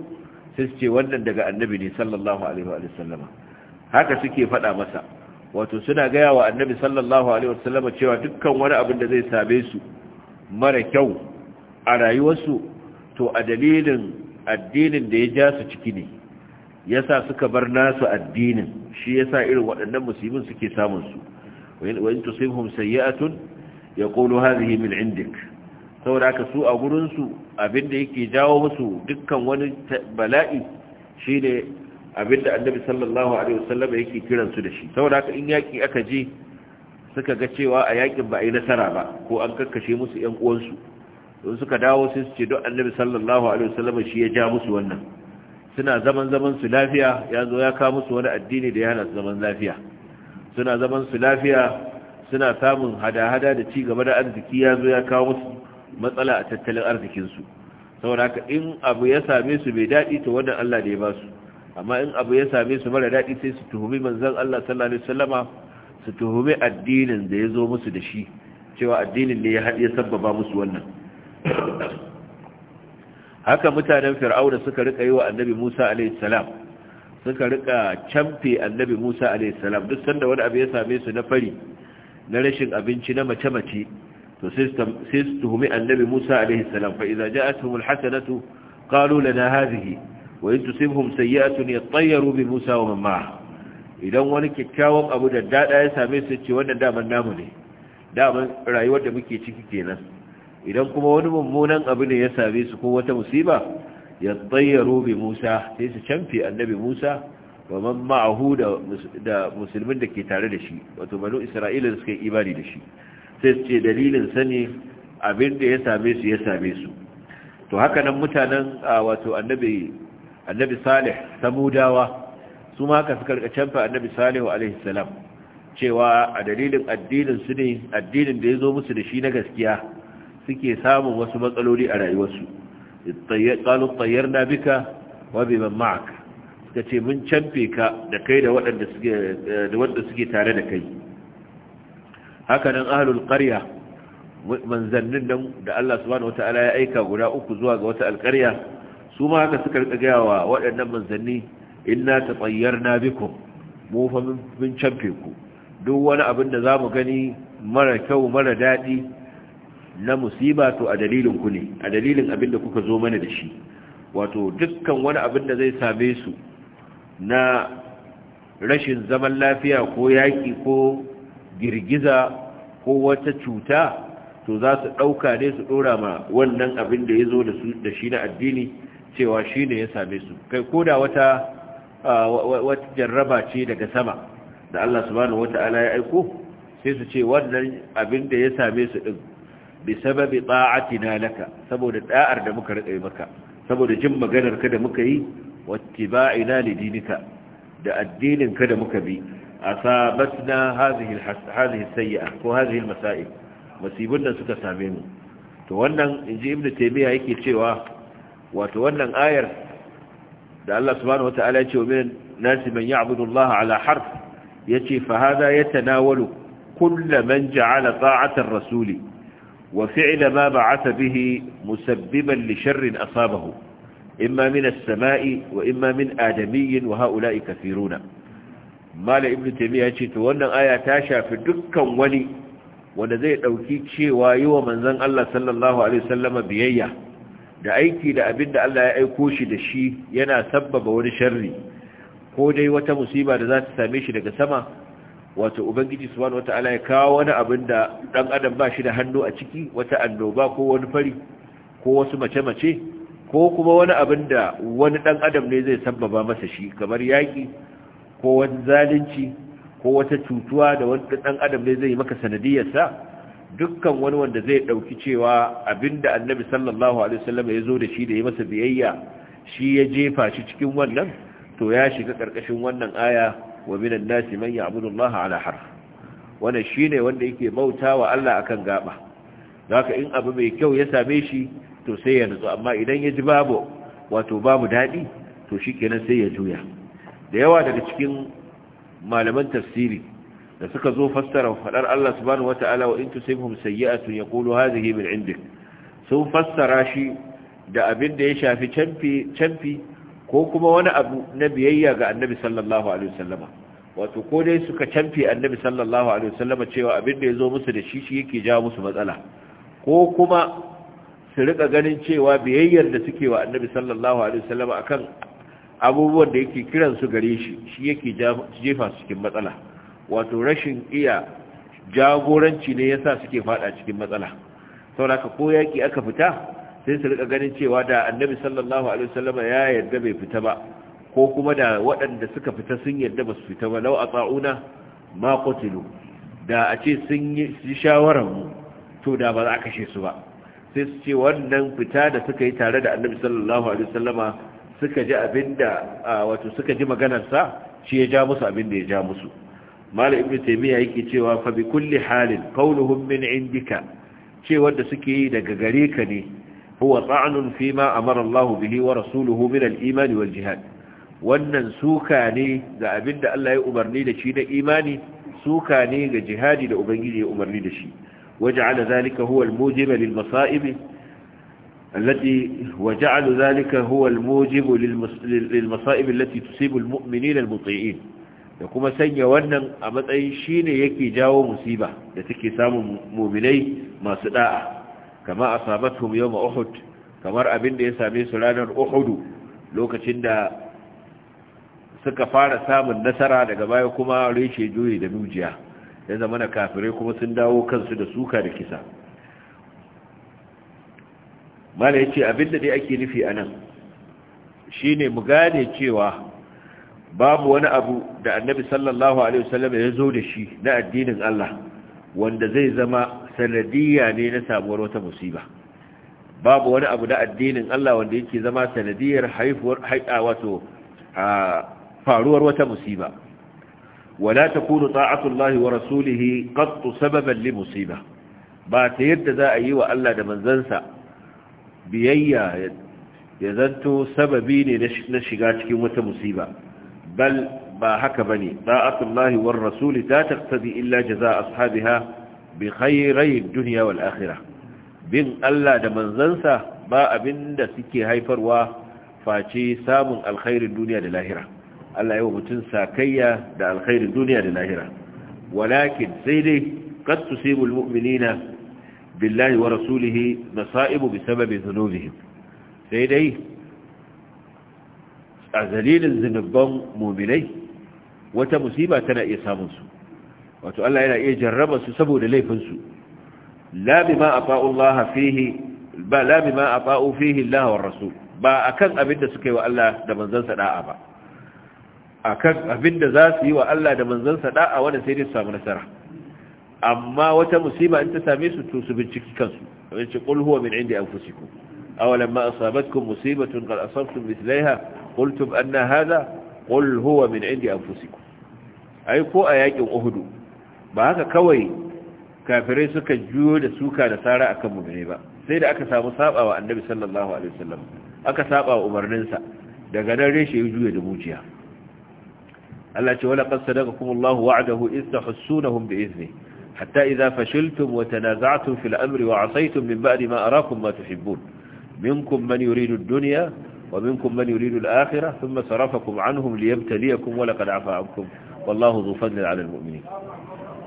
sai su ce wannan daga annabi ne sallallahu alaihi wasallam haka suke faɗa masa wato suna gaya wa annabi sallallahu alaihi wasallam cewa dukkan wani abu da zai same su mara kyau a rayuwarsu to a dalilin addinin da ya ja su ciki ne yasa suka bar nasu addinin shi ya sa irin waɗannan musulmin suke samun su wa in tusibhum sayyi'atun yaqulu hadhihi min 'indik saboda haka su a gurin su abinda yake jawo musu dukkan wani bala'i shi ne abinda annabi sallallahu alaihi wasallam yake kiran su da shi saboda haka in yaki aka je suka ga cewa a yaƙin ba a yi nasara ba ko an kakkashe musu ƴan uwansu don suka dawo sai su ce don annabi sallallahu alaihi wasallam shi ya ja musu wannan suna zaman zaman su lafiya ya zo ya kawo musu wani addini da ya hana zaman lafiya suna zaman su lafiya suna samun hada-hada da ci gaba da arziki ya zo ya kawo musu matsala a tattalin arzikinsu saboda haka in abu ya same su bai daɗi to wannan Allah da ya ba su amma in abu ya same su mara daɗi sai su tuhumi manzon Allah sallallahu alaihi wasallama su tuhumi addinin da ya zo musu da shi cewa addinin ne ya haɗe sabbaba musu wannan haka mutanen fir'auna suka rika yi wa annabi musa alaihissalam suka rika camfe annabi musa alaihissalam duk sanda wani abu ya same su na fari na rashin abinci na mace-mace to sai su tuhumi annabi musa alaihissalam fa iza ja'atuhumul hasanatu qalu lana hadhihi wa in tusibhum sayyi'atun yattayyaru bi musa wa man idan wani kyakkyawan abu da dada ya same su ce wannan daman namu ne daman rayuwar da muke ciki kenan idan kuma wani mummunan abu ne ya same su ko wata musiba ya tsayyaru bi Musa sai su canfi annabi Musa wa man ma'ahu da musulmin da ke tare da shi wato banu Isra'ila da suka yi imani da shi sai su ce dalilin sani abin da ya same su ya same su to haka nan mutanen wato annabi annabi Salih samudawa su ma haka suka rika canfa annabi Salihu alaihi salam cewa a dalilin addinin su ne addinin da ya zo musu da shi na gaskiya suke samun wasu matsaloli a rayuwarsu tsayar na bika wa biman ma'ak suka ce mun canfe ka da kai da waɗanda suke da tare da kai haka nan ahlul manzannin nan da Allah subhanahu wataala ya aika guda uku zuwa ga wata alƙarya su ma haka suka rika gaya wa waɗannan manzanni inna na bikum mu fa mun canfe ku duk wani abin da zamu gani mara kyau mara daɗi na musiba to a dalilin ku ne a dalilin abin da kuka zo mana da shi wato dukkan wani abin da zai same su na rashin zaman lafiya ko yaƙi ko girgiza ko wata cuta to za su ɗauka ne su ɗora ma wannan abin da ya zo da shi na addini cewa shi ne ya same su kai ko da wata wata jarraba ce daga sama da Allah subhanahu wata'ala ya aiko sai su ce wannan abin da ya same su ɗin bi sababi ta'atina laka saboda da'ar da muka rika maka saboda jin maganar ka da muka yi wattiba'ina lidinika da addinin ka da muka bi asabatna hadhihi hadhihi sayyi'a ko hadhihi almasa'ib musibun da suka same mu to wannan inji ibnu taymiya yake cewa wato wannan ayar da Allah subhanahu wataala ya ce min nasi man ya'budu Allah ala harf yace fa hada yatanawalu kull man ja'ala ta'atar rasuli وفعل ما بعث به مسببا لشر أصابه إما من السماء وإما من آدمي وهؤلاء كثيرون مال ابن تيمية تولى آية تاشا في دكا ولي wanda zai ɗauki cewa yi wa manzan Allah sallallahu Alaihi wasallama biyayya da aiki da abin da Allah ya aiko shi da shi yana sabbaba wani sharri ko dai wata musiba da za ta same shi daga sama wato ubangiji subhanahu wata'ala ya kawo wani abin da dan adam ba shi da hannu a ciki wata annoba ko wani fari ko wasu mace-mace ko kuma wani abin da wani dan adam ne zai sabbaba masa shi kamar yaki ko wani zalunci ko wata cutuwa da wani dan adam ne zai maka sa. dukkan wani wanda zai dauki cewa abinda annabi sallallahu alaihi wasallam ya zo da shi da ya masa biyayya shi ya jefa shi cikin wannan to ya shiga karkashin wannan aya wa minan nasi man ya'budu Allah ala harf wannan shine wanda yake wa Allah akan gaba zaka in abu mai kyau ya same shi to sai ya nutsu amma idan ya ji babu wato babu daɗi, to kenan sai ya juya da yawa daga cikin malaman tafsiri da suka zo fassara faɗar Allah subhanahu wata'ala wa in tusibhum sayyi'atun yaqulu hadhihi min indik sun fassara shi da abin da ya shafi canfi canfi ko kuma wani abu na biyayya ga annabi sallallahu alaihi wasallama wato ko dai suka canfe annabi sallallahu alaihi wasallama cewa abin da ya zo musu da shi shi yake jawo musu matsala ko kuma su rika ganin cewa biyayyar da suke wa annabi sallallahu alaihi wasallama akan abubuwan da yake kiran su gare shi shi yake jefa su cikin matsala wato rashin iya jagoranci ne yasa suke fada cikin matsala saboda ko yaki aka fita sai su rika ganin cewa da annabi sallallahu alaihi wasallam ya yarda bai fita ba ko kuma da waɗanda suka fita sun yarda ba su fita ba lau a tsa'una ma qutilu da a ce sun yi shawaran mu to da ba za a kashe su ba sai su ce wannan fita da suka yi tare da annabi sallallahu alaihi wasallama suka ji abinda wato suka ji maganar sa shi ya ja musu abinda ya ja musu malam ibnu taymiya yake cewa fa bi kulli halin qawluhum min indika ce wanda suke yi daga gare ka ne huwa ta'anun fi ma amara Allah bihi wa rasuluhu min al-iman wal jihad wannan suka ne ga abinda Allah ya umarni da shi da imani suka ne ga jihadi da ubangiji ya umarni da shi waja'ala zalika huwa al-mujib lil masa'ib التي وجعل ذلك هو الموجب للمصائب التي تصيب المؤمنين المطيعين da kuma sanya wannan a matsayin shine yake jawo musiba da take samun muminai masu da'a kama asabatuhum yawma uhud kamar abin da ya same su ranar uhudu lokacin da suka fara samun nasara daga baya kuma reshe juyi da nujiya ya zama na kafirai kuma sun dawo kansu da suka da kisa mala ya ce abin da dai ake nufi anan nan shi ne mu gane cewa babu wani abu da annabi sallallahu alaihi wasallam ya zo da shi na addinin Allah wanda zai zama sanadiyya ne na samuwar wata musiba babu wani abu da addinin Allah wanda yake zama sanadiyar haifuwar haida wato faruwar wata musiba wala takunu ta'atullahi wa rasulihi qattu sababan li musiba ba ta yadda za a yi wa Allah da manzansa biyayya ya zanto sababi ne na shiga cikin wata musiba bal ba haka bane ta'atullahi war rasuli ta taqtadi illa jazaa ashabiha bi khairai duniya wal akhirah bin Allah da manzansa ba abinda suke haifarwa face samun alkhairin duniya da lahira Allah yawa mutum sakayya da alkhairin duniya da lahira walakin sai dai qad tusibul mu'minina billahi wa rasulihi masaibu bisababi dhunubihim sai dai a zalilin zunubban mu'minai wata musiba tana iya samun su wato Allah yana iya jarraba su saboda laifinsu la bima afa'u Allah fihi ba la bima afa'u fihi Allah war rasul ba akan abin da suka yi wa Allah da manzansa da'a ba akan abin da za su yi wa Allah da manzansa da'a wanda sai dai su samu nasara amma wata musiba in ta same su to su binciki kansu wani ce qul huwa min indi anfusikum awalan ma asabatkum musibatun qad asabtum mithlaiha qultum anna hadha qul huwa min indi anfusikum ai ko a yakin uhudu ba haka kawai kafirai suka juyo da suka da tsara akan mummune ba sai da aka samu sabawa annabi sallallahu alaihi wasallam aka sabawa umarninsa daga nan reshe ya juya da mujiya Allah ce wala qad sadaqakum Allahu wa'dahu iz tahassunahum bi izni hatta idza fashiltum wa tanaza'tum fil amri wa 'asaytum min ba'di ma arakum ma tuhibbun minkum man yuridu ad-dunya wa minkum man yuridu al-akhirah thumma sarafakum 'anhum liyabtaliyakum wa laqad 'afa 'ankum wallahu dhu fadlin 'ala muminin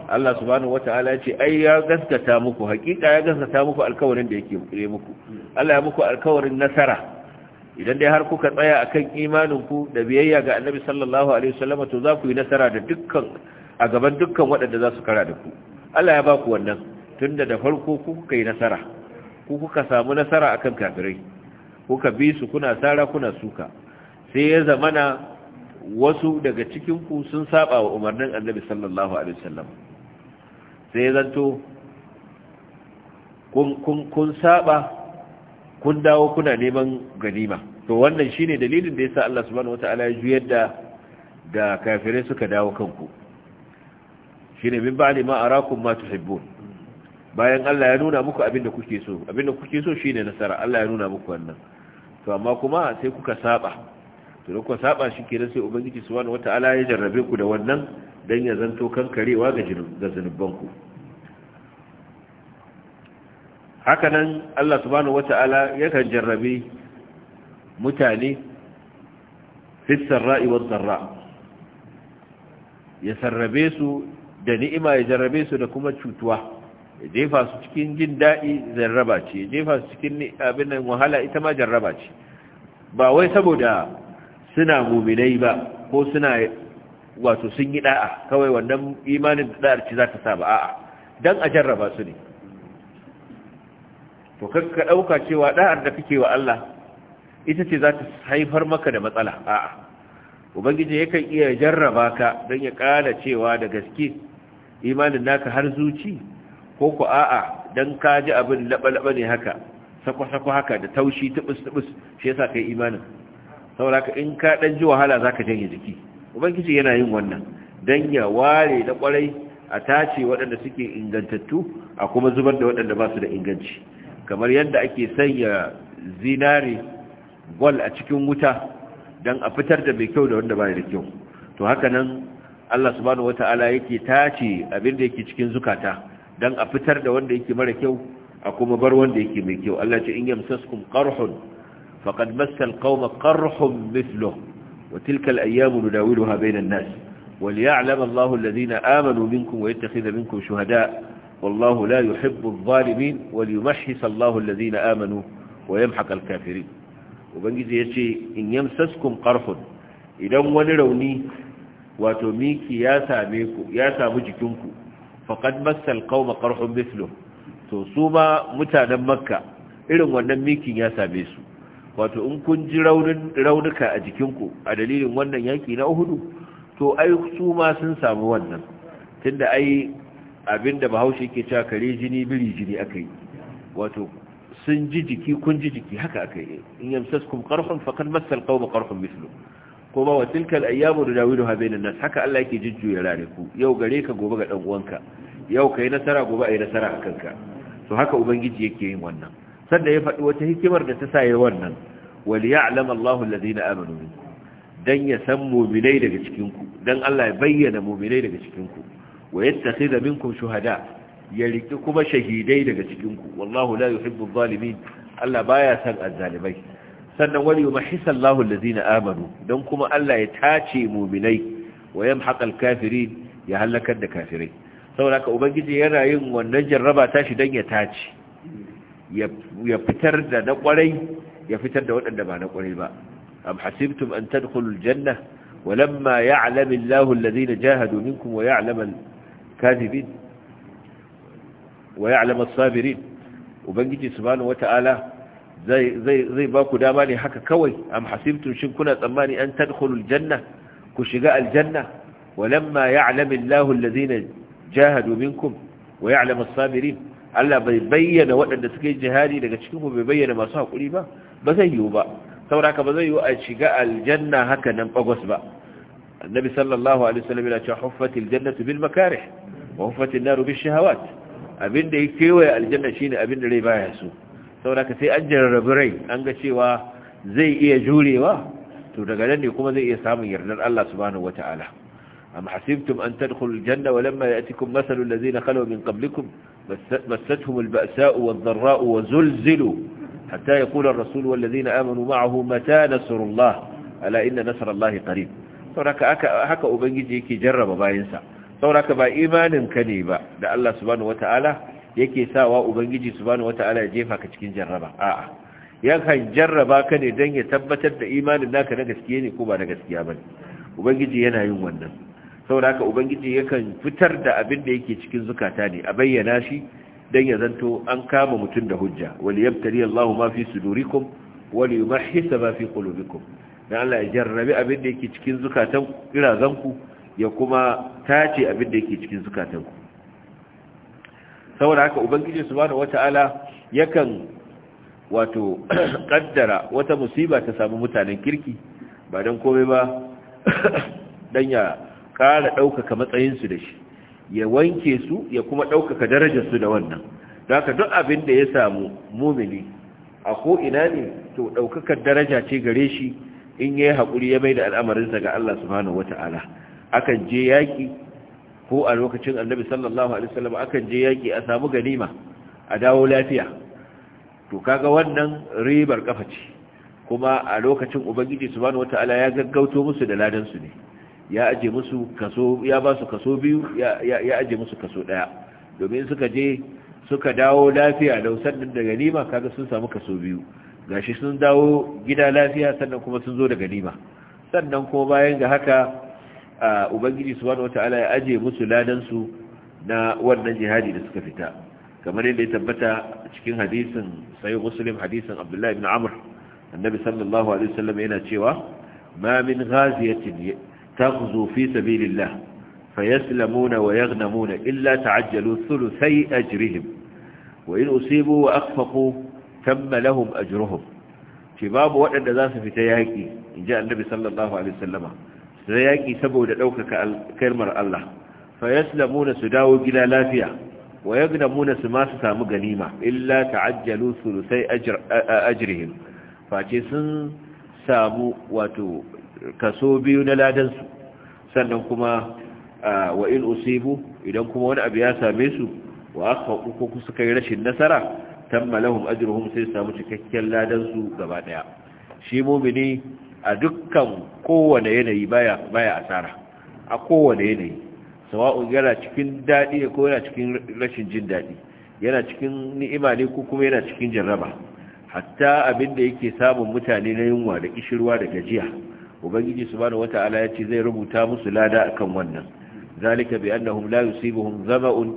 Allah subhanahu wata'ala ce ai ya gaskata muku hakika ya gaskata muku alkawarin da yake yi muku Allah ya muku alkawarin nasara idan dai har kuka tsaya akan imanin ku da biyayya ga Annabi sallallahu alaihi wasallam to za ku yi nasara da dukkan a gaban dukkan waɗanda za su kara da ku Allah ya ba ku wannan tunda da farko ku kuka yi nasara ku kuka samu nasara akan kafirai kuka bi su kuna sara kuna suka sai ya zamana wasu daga cikinku sun saba wa umarnin annabi sallallahu alaihi wasallam sai ya zanto kun saba kun dawo kuna neman ganima to wannan shine dalilin da yasa Allah subhanahu wataala ya juyar da da kafirai suka dawo kanku shine min ba'di ma arakum ma tuhibbun bayan Allah ya nuna muku abin da kuke so abin da kuke so shine nasara Allah ya nuna muku wannan to amma kuma sai kuka saba to da kuka saba shikenan sai ubangiji subhanahu wataala ya jarrabe ku da wannan don ya zanto kankarewa ga zunubanku hakanan Allah subhanahu wata'ala yakan jarrabe mutane fissar ra'iwar zarra ya sarrabe su da ni'ima ya jarrabe su da kuma cutuwa ya jefa su cikin jin daɗi jarraba ce ya jefa su cikin abin wahala ita ma jarraba ce ba wai saboda suna muminai ba ko suna wato sun yi da'a kawai wannan imanin da da'ar ci za ta sa a'a dan a jarraba su ne to ka ɗauka cewa da'ar da kake wa Allah ita ce za ta haifar maka da matsala a'a ubangiji yakan iya jarraba ka dan ya kala cewa da gaske imanin naka har zuci ko ku a'a dan ka ji abin labalaba ne haka sako-sako haka da taushi tubus-tubus shi yasa kai imanin saboda ka in ka ɗan ji wahala zaka janye jiki ubangiji yana yin wannan don ya ware da kwarai a tace waɗanda suke ingantattu a kuma zubar da waɗanda ba su da inganci kamar yadda ake sanya zinare gwal a cikin wuta don a fitar da mai kyau da wanda ba da kyau to haka nan Allah subhanahu ta'ala yake tace abin da yake cikin zukata don a fitar da wanda yake mara kyau a kuma bar wanda yake mai kyau Allah ce in yamsaskum qarhun faqad massal qauma qarhun mithluhu وتلك الأيام نداولها بين الناس وليعلم الله الذين آمنوا منكم ويتخذ منكم شهداء والله لا يحب الظالمين وليمحص الله الذين آمنوا ويمحق الكافرين وبنجد يشي إن يمسسكم قرف إذا ونروني وتميك يا ساميكو يا سامجكمكو فقد مس القوم قرح مثله تصوم متانا مكة إذن ونميك يا ساميسو wato in kun ji raunuka a jikinku a dalilin wannan yaki na hudu? to ai su ma sun samu wannan tunda ai abinda bahaushe ke cakare jini biri jini yi wato sun ji jiki kun ji jiki haka yi in yamsaskum qarhun faqad massal qawma qarhun mithlu kuma wa tilkal ayyamu dawidu bainan nas haka Allah yake jujjuya rare ku yau gare ka gobe ga dan uwanka yau kai nasara gobe ai nasara akan ka to haka ubangiji yake yin wannan sannan ya faɗi wata hikimar da ta sa ya wannan wal ya'lam Allahu alladhina amanu dan ya san mu'minai daga cikin ku dan Allah ya bayyana mu'minai daga cikin ku wa yattakhidha minkum shuhada ya riki kuma shahidai daga cikin ku wallahu la yuhibbu adh-dhalimin Allah baya san azzalimai sannan wani yi Allahu Allahun amanu dan kuma Allah ya tace muminai wa yam kafirin ya hallakar da kafirai saboda ka ubangiji yana yin wannan jarraba shi dan ya tace ya fitar da na kwarai ya fitar da waɗanda ba na kwarai ba am hasibtum an tadkhulul janna walamma ya'lamu Allahu alladhina jahadu minkum wa ya'lamu al-kadhibin wa ya'lamu as-sabirin ubangiji subhanahu wata'ala zai zai zai ba ku dama ne haka kawai am hasibtum shin kuna tsammani an tadkhulul janna ku shiga aljanna walamma ya'lamu Allahu alladhina jahadu minkum wa ya'lamu as-sabirin Allah bai bayyana waɗanda suka yi jihadi daga cikin bai bayyana masu haƙuri ba ba zai yiwu ba saboda ba zai yiwu a shiga aljanna haka nan bagos ba annabi sallallahu alaihi wasallam yana cewa huffatil jannatu bil makarih wa huffatin naru bil shahawat abinda ya kewaye aljanna shine abinda rai baya so saboda ka sai an jarrabi rai an ga cewa zai iya jurewa to daga nan ne kuma zai iya samun yardar Allah subhanahu wataala am hasibtum an tadkhulul janna kun ya'tikum mathalul ladzina khalu min qablikum مستهم البأساء والضراء وزلزلوا حتى يقول الرسول والذين آمنوا معه متى نصر الله ألا إن نصر الله قريب sauraka haka ubangiji yake jarraba bayansa sauraka ba imanin ka ne ba da Allah subhanahu wataala yake sawa ubangiji subhanahu wataala ya jefa ka cikin jarraba a'a yakan jarraba ka ne dan ya tabbatar da imanin naka na gaske ne ko ba na gaskiya bane ubangiji yana yin wannan saboda haka ubangiji yakan fitar da abin da yake cikin zukata ne a bayyana shi dan ya zanto an kama mutum da hujja wali yabtari Allahu ma fi sudurikum wali yumahhisa ma fi qulubikum dan Allah ya jarrabi abin da yake cikin zukatan kirazanku ya kuma tace abin da yake cikin zukatanku saboda haka ubangiji subhanahu wataala yakan wato kaddara wata musiba ta samu mutanen kirki ba dan komai ba dan ya Kara ɗaukaka matsayinsu da shi ya wanke su ya kuma ɗaukaka darajarsu da wannan haka duk abin da ya samu mumini a ko'ina ne to ɗaukakar daraja ce gare shi in ya yi haƙuri ya mai da al'amarinsa ga Allah subhanahu wa ta'ala akan je yaƙi ko a lokacin annabi sallallahu alaihi wasallam akan je yaƙi a samu ganima a dawo lafiya to kaga wannan ribar kafa ce kuma a lokacin ubangiji subhanahu wa ta'ala ya gaggauto musu da ladansu ne ya aje musu kaso ya ba su kaso biyu ya aje musu kaso daya domin suka je suka dawo lafiya da sannan da ganima kaga sun samu kaso biyu gashi sun dawo gida lafiya sannan kuma sun zo da ganima sannan kuma bayan ga haka ubangiji subhanahu wataala ya aje musu ladan su na wannan jihadi da suka fita kamar yadda ya tabbata cikin hadisin sai muslim hadisin abdullahi ibn amr annabi sallallahu alaihi wasallam yana cewa ma min ghaziyatin تغزو في سبيل الله فيسلمون ويغنمون إلا تعجلوا ثلثي أجرهم وإن أصيبوا وأخفقوا تم لهم أجرهم شباب وأن ذاس في تياكي إن جاء النبي صلى الله عليه وسلم تياكي سبوا لأوك كلمر الله فيسلمون سداو جلا لافيا ويغنمون سماس سام غنيمة إلا تعجلوا ثلثي أجر أجرهم فأتي سن سامو واتو kaso biyu na ladansu sannan kuma wa in usibu idan kuma wani abu ya same su wa aka ko suka yi rashin nasara tammalahum ajruhum sai samu cikakken ladansu gaba daya shi mumini a dukkan kowane yanayi baya baya asara a kowane yanayi sawa'un yana cikin dadi ko yana cikin rashin jin dadi yana cikin ni'ima ne ko kuma yana cikin jarraba hatta abin da yake samun mutane na yunwa da kishirwa da gajiya ubangiji subhanahu ya ce zai rubuta musu lada akan wannan zalika bi annahum la yusibuhum zaba'un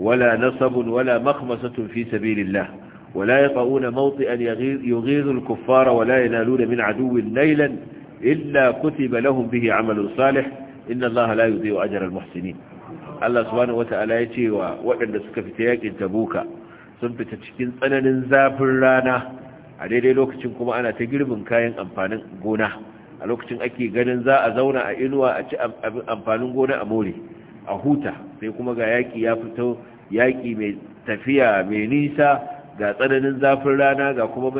wala nasabun wala makhmasatun fi sabilillah wala yaquna mawti'an yughizul kuffara wala yanaluna min aduwwin nailan illa kutiba lahum bihi 'amalun salih inna allaha la yudhi'u ajra al muhsinin allah subhanahu wata'ala yace wa wadanda suka fita yakin tabuka sun fita cikin tsananin zafin rana a daidai lokacin kuma ana ta girbin kayan amfanin gona a lokacin ake ganin za a zauna a inuwa a ci amfanin gona a more a huta sai kuma ga yaƙi ya fito yaƙi mai tafiya mai nisa ga tsananin zafin rana ga kuma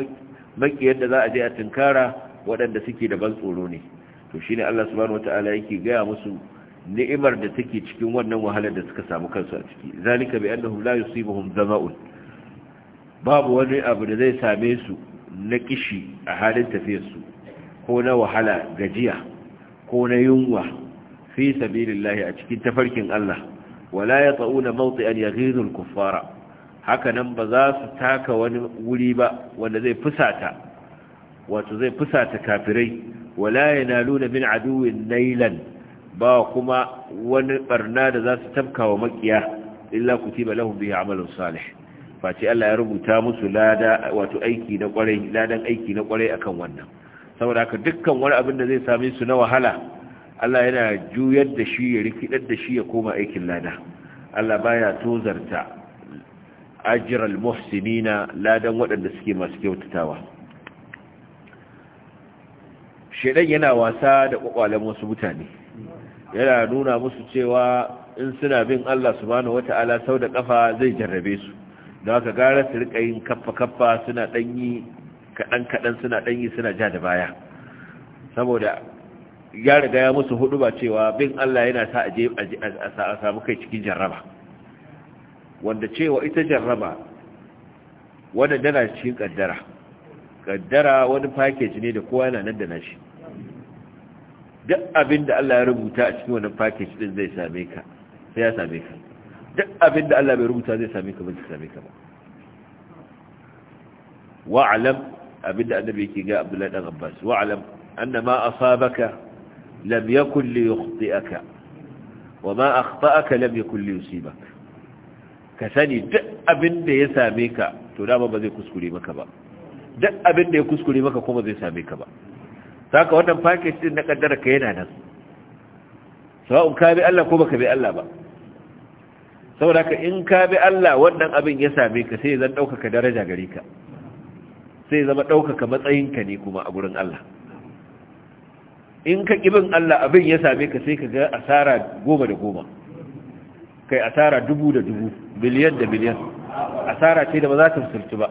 makiyar da za a je a tunkara waɗanda suke da ban tsoro ne to shi ne allah subhanahu wata'ala yake gaya musu ni'imar da take cikin wannan wahalar da suka samu kansu a ciki zalika bi annahum la yusibuhum zama'un babu wani abu da zai same su na kishi a halin tafiyar su. ko na wahala gajiya ko na yunwa fi sabilillahi a cikin tafarkin Allah wala yata'una mawti'an yaghizul kuffara haka nan ba za su taka wani wuri ba wanda zai fusata wato zai fusata kafirai wala yanaluna min aduwin nailan ba kuma wani barna da za su tafka wa makiya illa kutiba lahum bihi amalun salih face Allah ya rubuta musu lada wato aiki na kwarai ladan aiki na kwarai akan wannan saboda haka dukkan wani abin da zai same su na wahala Allah yana juyar da shi ya rikidar da shi ya koma aikin lada Allah baya tozarta ajral muhsinina ladan waɗanda suke masu kyautatawa shedan yana wasa da kwakwalen wasu mutane yana nuna musu cewa in suna bin Allah subhanahu wataala sau da kafa zai jarrabe su da haka gara su rika yin kaffa kaffa suna danyi kaɗan-kaɗan suna ɗanyi suna ja da baya saboda ya riga ya musu hudu ba cewa bin Allah yana sa a samu kai cikin jarraba wanda cewa ita jarraba wadda dana cikin kaddara kaddara wani package ne da kowa yana nan da nashi duk abin da Allah ya rubuta a cikin wannan package din zai same ka sai ya same ka duk abin da Allah bai rubuta zai same ka ba zai same ka ba wa'alam abinda annabi yake ga abdullahi dan abbas wa'lam anna ma asabaka lam yakun li yukhti'aka wa ma akhta'aka lam yakun li yusibak ka sani duk abinda ya same ka to dama ba zai kuskure maka ba duk abinda ya kuskure maka kuma zai same ka ba saka wannan package din na kaddara ka yana nan sawa'un ka bi Allah ko baka bi Allah ba saboda ka in ka bi Allah wannan abin ya same ka sai zan ɗaukaka daraja gare ka sai zama ɗaukaka matsayinka ne kuma a gurin Allah in ka ƙibin Allah abin ya same ka sai ka ga asara goma da goma kai asara dubu da dubu biliyan da biliyan asara ce da ba za ta fusulci ba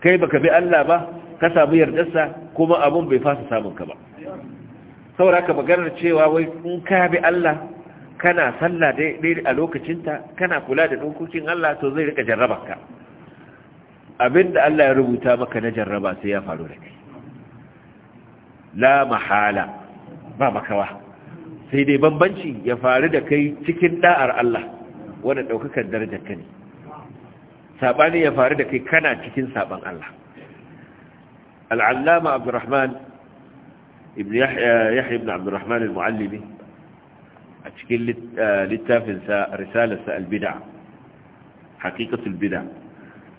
kai baka bi Allah ba ka samu yardarsa kuma abin bai fasa samun ka ba saboda ka maganar cewa wai in ka bi Allah kana sallah daidai a lokacinta kana kula da dokokin Allah to zai rika ka abinda Allah ya rubuta maka na jarraba sai ya faru da kai la mahala ba makawa sai dai bambanci ya faru da kai cikin da'ar Allah wanda daukakar darajar ka ne sabani ya faru da kai kana cikin saban Allah al-allama abdurrahman ibn yahya ibn abdurrahman al-muallimi a cikin eh, littafinsa risalarsa al-bid'a haqiqatul bid'a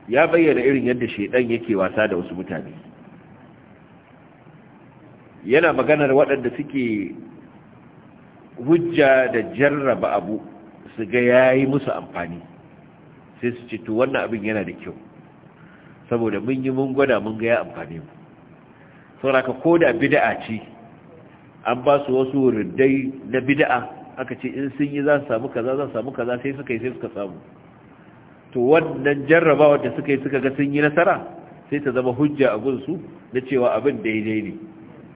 ya bayyana irin yadda shaidan yake wasa da wasu mutane yana maganar waɗanda suke hujja da jarraba abu su ga yi musu amfani sai su ce wannan abin yana da kyau saboda mun yi mun gwada mun ga ya amfani mu sauraka ko da bid'a ce an ba su wasu riddai na bida'a? aka ce in sun yi za su samu kaza za su samu kaza sai suka yi sai suka samu to wannan jarrabawa da suka yi suka ga sun yi nasara sai ta zama hujja a gunsu na cewa abin daidai ne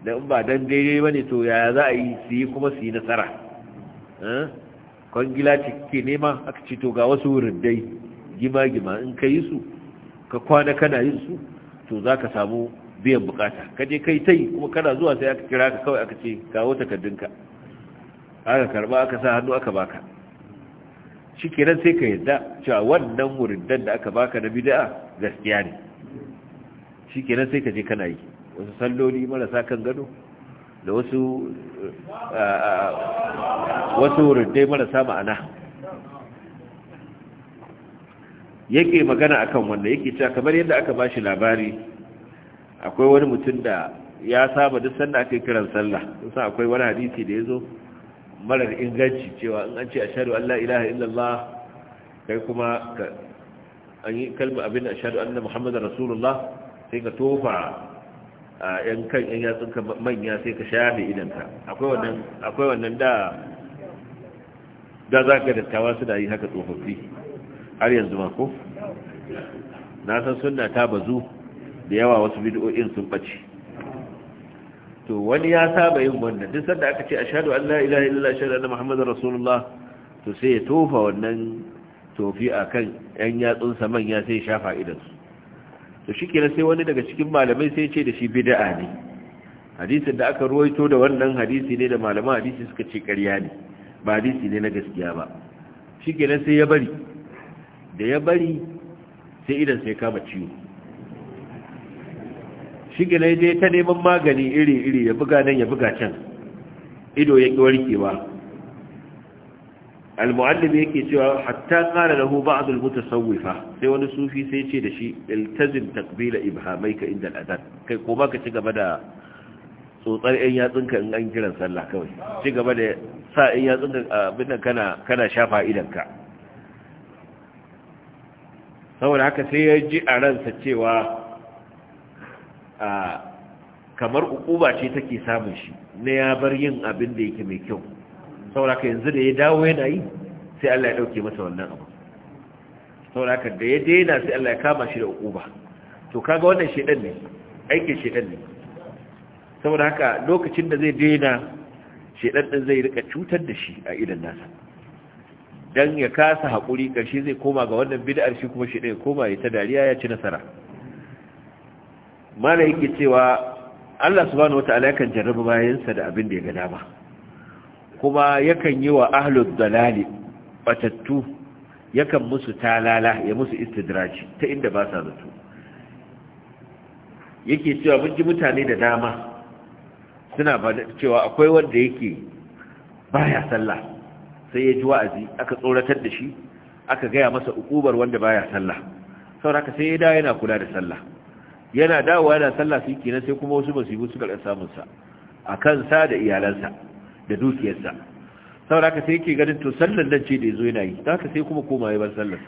da in ba dan daidai ba ne to yaya za a yi su yi kuma su yi nasara eh? kwangila ke nema aka ce to ga wasu dai, gima-gima in ka yi su ka kwana kana yin su to za ka samu biyan bukata ka je kai tai kuma kana zuwa sai aka kira ka kawai aka ce kawo kaddinka aka karba aka sa hannu aka baka shi nan sai ka yadda cewa wannan muridan da aka baka na bid'a gaskiya ne shi nan sai ka je kana yi wasu salloli marasa kan gado da wasu wasu muridai marasa ma'ana yake magana akan wanda yake cewa kamar yadda aka bashi labari akwai wani mutum da ya saba duk sanda aka yi kiran sallah kusa akwai wani hadisi da ya zo marar inganci cewa in an ce a an Allah ilaha illallah kai kuma ka an yi kalma abin ashhadu anna muhammadu rasulullah sai ka tofa a yan kan yan yatsun ka manya sai ka shafi idanka akwai wannan akwai wannan da da za ka dattawa da yi haka tsofaffi har yanzu ma ko na san suna ta bazu da yawa wasu bid'o'in sun ɓace. to wani ya saba yin wannan duk sanda aka ce ashhadu an la ilaha illallah ashhadu anna muhammadar rasulullah to sai ya tofa wannan tofi akan yan yatsun sa manya sai shafa idan to shikenan sai wani daga cikin malamai sai ya ce da shi bid'a ne hadisin da aka ruwaito da wannan hadisi ne da malaman hadisi suka ce ƙarya ne ba hadisi ne na gaskiya ba shikenan sai ya bari da ya bari sai idan sai kama ciwo shi gina dai ta neman magani iri-iri ya buga nan ya buga can ido ya ƙi warkewa al-mu'allim yake cewa hatta qala lahu ba'd al-mutasawwifa sai wani sufi sai ce da shi iltazim taqbila ka inda al-adhan kai ko ba ka ci gaba da tsotsar yan yatsunka in an kiran sallah kawai ci gaba da sa yan yatsunka abin da kana kana shafa idanka saboda haka sai ya ji a ransa cewa a kamar ukuba ce take samun shi na ya bar yin abin da yake mai kyau sauraka yanzu da ya dawo yana yi sai Allah ya dauke masa wannan abu sauraka da ya daina sai Allah ya kama shi da ukuba to kaga wannan shedan ne aikin shedan ne saboda haka lokacin da zai daina shedan din zai rika cutar da shi a idan nasa dan ya kasa hakuri karshe zai koma ga wannan bid'ar shi kuma shedan ya koma ya ta dariya ya ci nasara malai yake cewa Allah subhanahu wataala yakan jarraba bayansa da abin da ya ga dama kuma yakan yi wa ahlud dalali batattu yakan musu talala ya musu istidraji ta inda ba sa zato yake cewa mun ji mutane da dama suna ba cewa akwai wanda yake baya sallah sai ya ji wa'azi aka tsoratar da shi aka gaya masa ukubar wanda baya sallah sauraka sai ya da yana kula da sallah yana dawowa yana sallah su kenan sai kuma wasu masu suka rasa samun sa a kansa da iyalansa da dukiyarsa saboda haka sai yake ganin to sallar nan ce da ya zo yana yi haka sai kuma koma ya bar sallar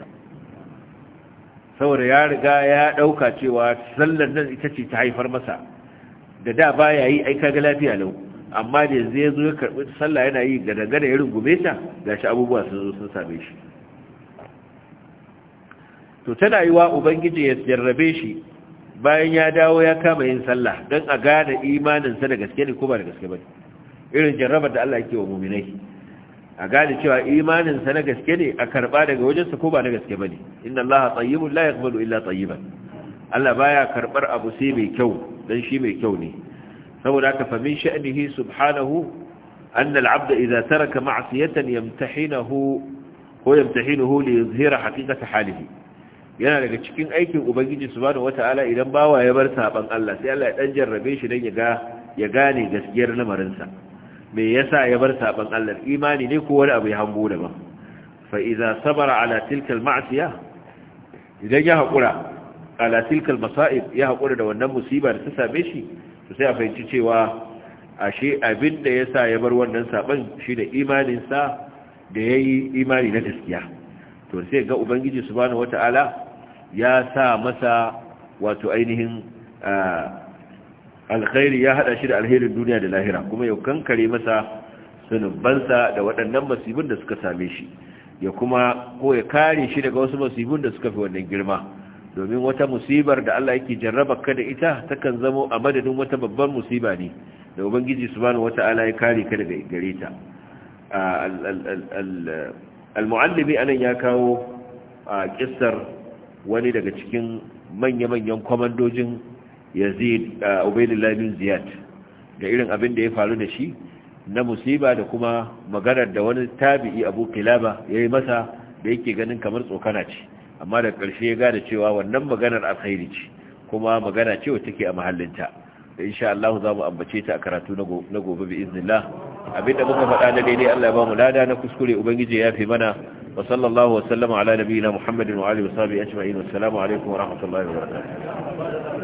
saboda ya riga ya ɗauka cewa sallar nan ita ce ta haifar masa da da ba ya yi ai kaga lafiya lau amma da yanzu ya zo ya karbi sallah yana yi ga dangane ya rungume ta shi abubuwa sun zo sun same shi to tana yi wa ubangiji ya jarrabe shi bayan ya dawo ya kama yin sallah don a gane imaninsa da gaske ne ko ba da gaske ba irin jarrabar da Allah yake wa muminai a gane cewa imaninsa na gaske ne a karba daga wajensa ko ba na gaske ba ne inna Allah tayyibun la yaqbalu illa tayyiban Allah baya karbar abu sai mai kyau dan shi mai kyau ne saboda haka famin sha'nihi subhanahu an al-'abda idza taraka ma'siyatan yamtahinahu ko yamtahinuhu li yuzhira haqiqata halihi yana daga cikin aikin ubangiji subhanahu wata'ala idan bawa ya bar saban Allah sai Allah ya dan jarrabe shi dan ya gane gaskiyar lamarin sa me yasa ya bar saban Allah imani ne ko wani abu ya hango daban fa idza sabara ala tilka al-ma'siya idan ya hakura ala tilka masaib ya hakura da wannan musiba da ta same shi to sai a fahimci cewa ashe abin da yasa ya bar wannan saban shi da imanin sa da yayi imani na gaskiya to sai ga ubangiji subhanahu wata'ala ya sa masa wato ainihin alkhairi ya hada shi da alherin duniya da lahira kuma ya kankare masa sunubansa da waɗannan masibin da suka same shi ya kuma ko ya kare shi daga wasu masibin da suka fi wannan girma domin wata musibar da Allah yake jarraba ka da ita takan zamo a madadin wata babban musiba ne da ubangiji subhanahu wata'ala ya kare ka daga gare ta al-muallimi anan ya kawo kissar wani daga cikin manya-manyan kwamandojin yazid uh, ubaidullah bin ziyad da irin abin da ya faru da shi na musiba da kuma maganar da wani tabi'i abu kilaba ya yi masa da yake ganin kamar tsokana ce amma da ƙarshe ya gada cewa wannan maganar alkhairi ce kuma magana ce wacce take a mahallinta insha Allah za mu ambace ta a karatu na gobe bi iznillah da muka faɗa na daidai Allah ya ba mu lada na kuskure ubangiji ya fi mana وصلى الله وسلم على نبينا محمد وعلى اله وصحبه اجمعين والسلام عليكم ورحمه الله وبركاته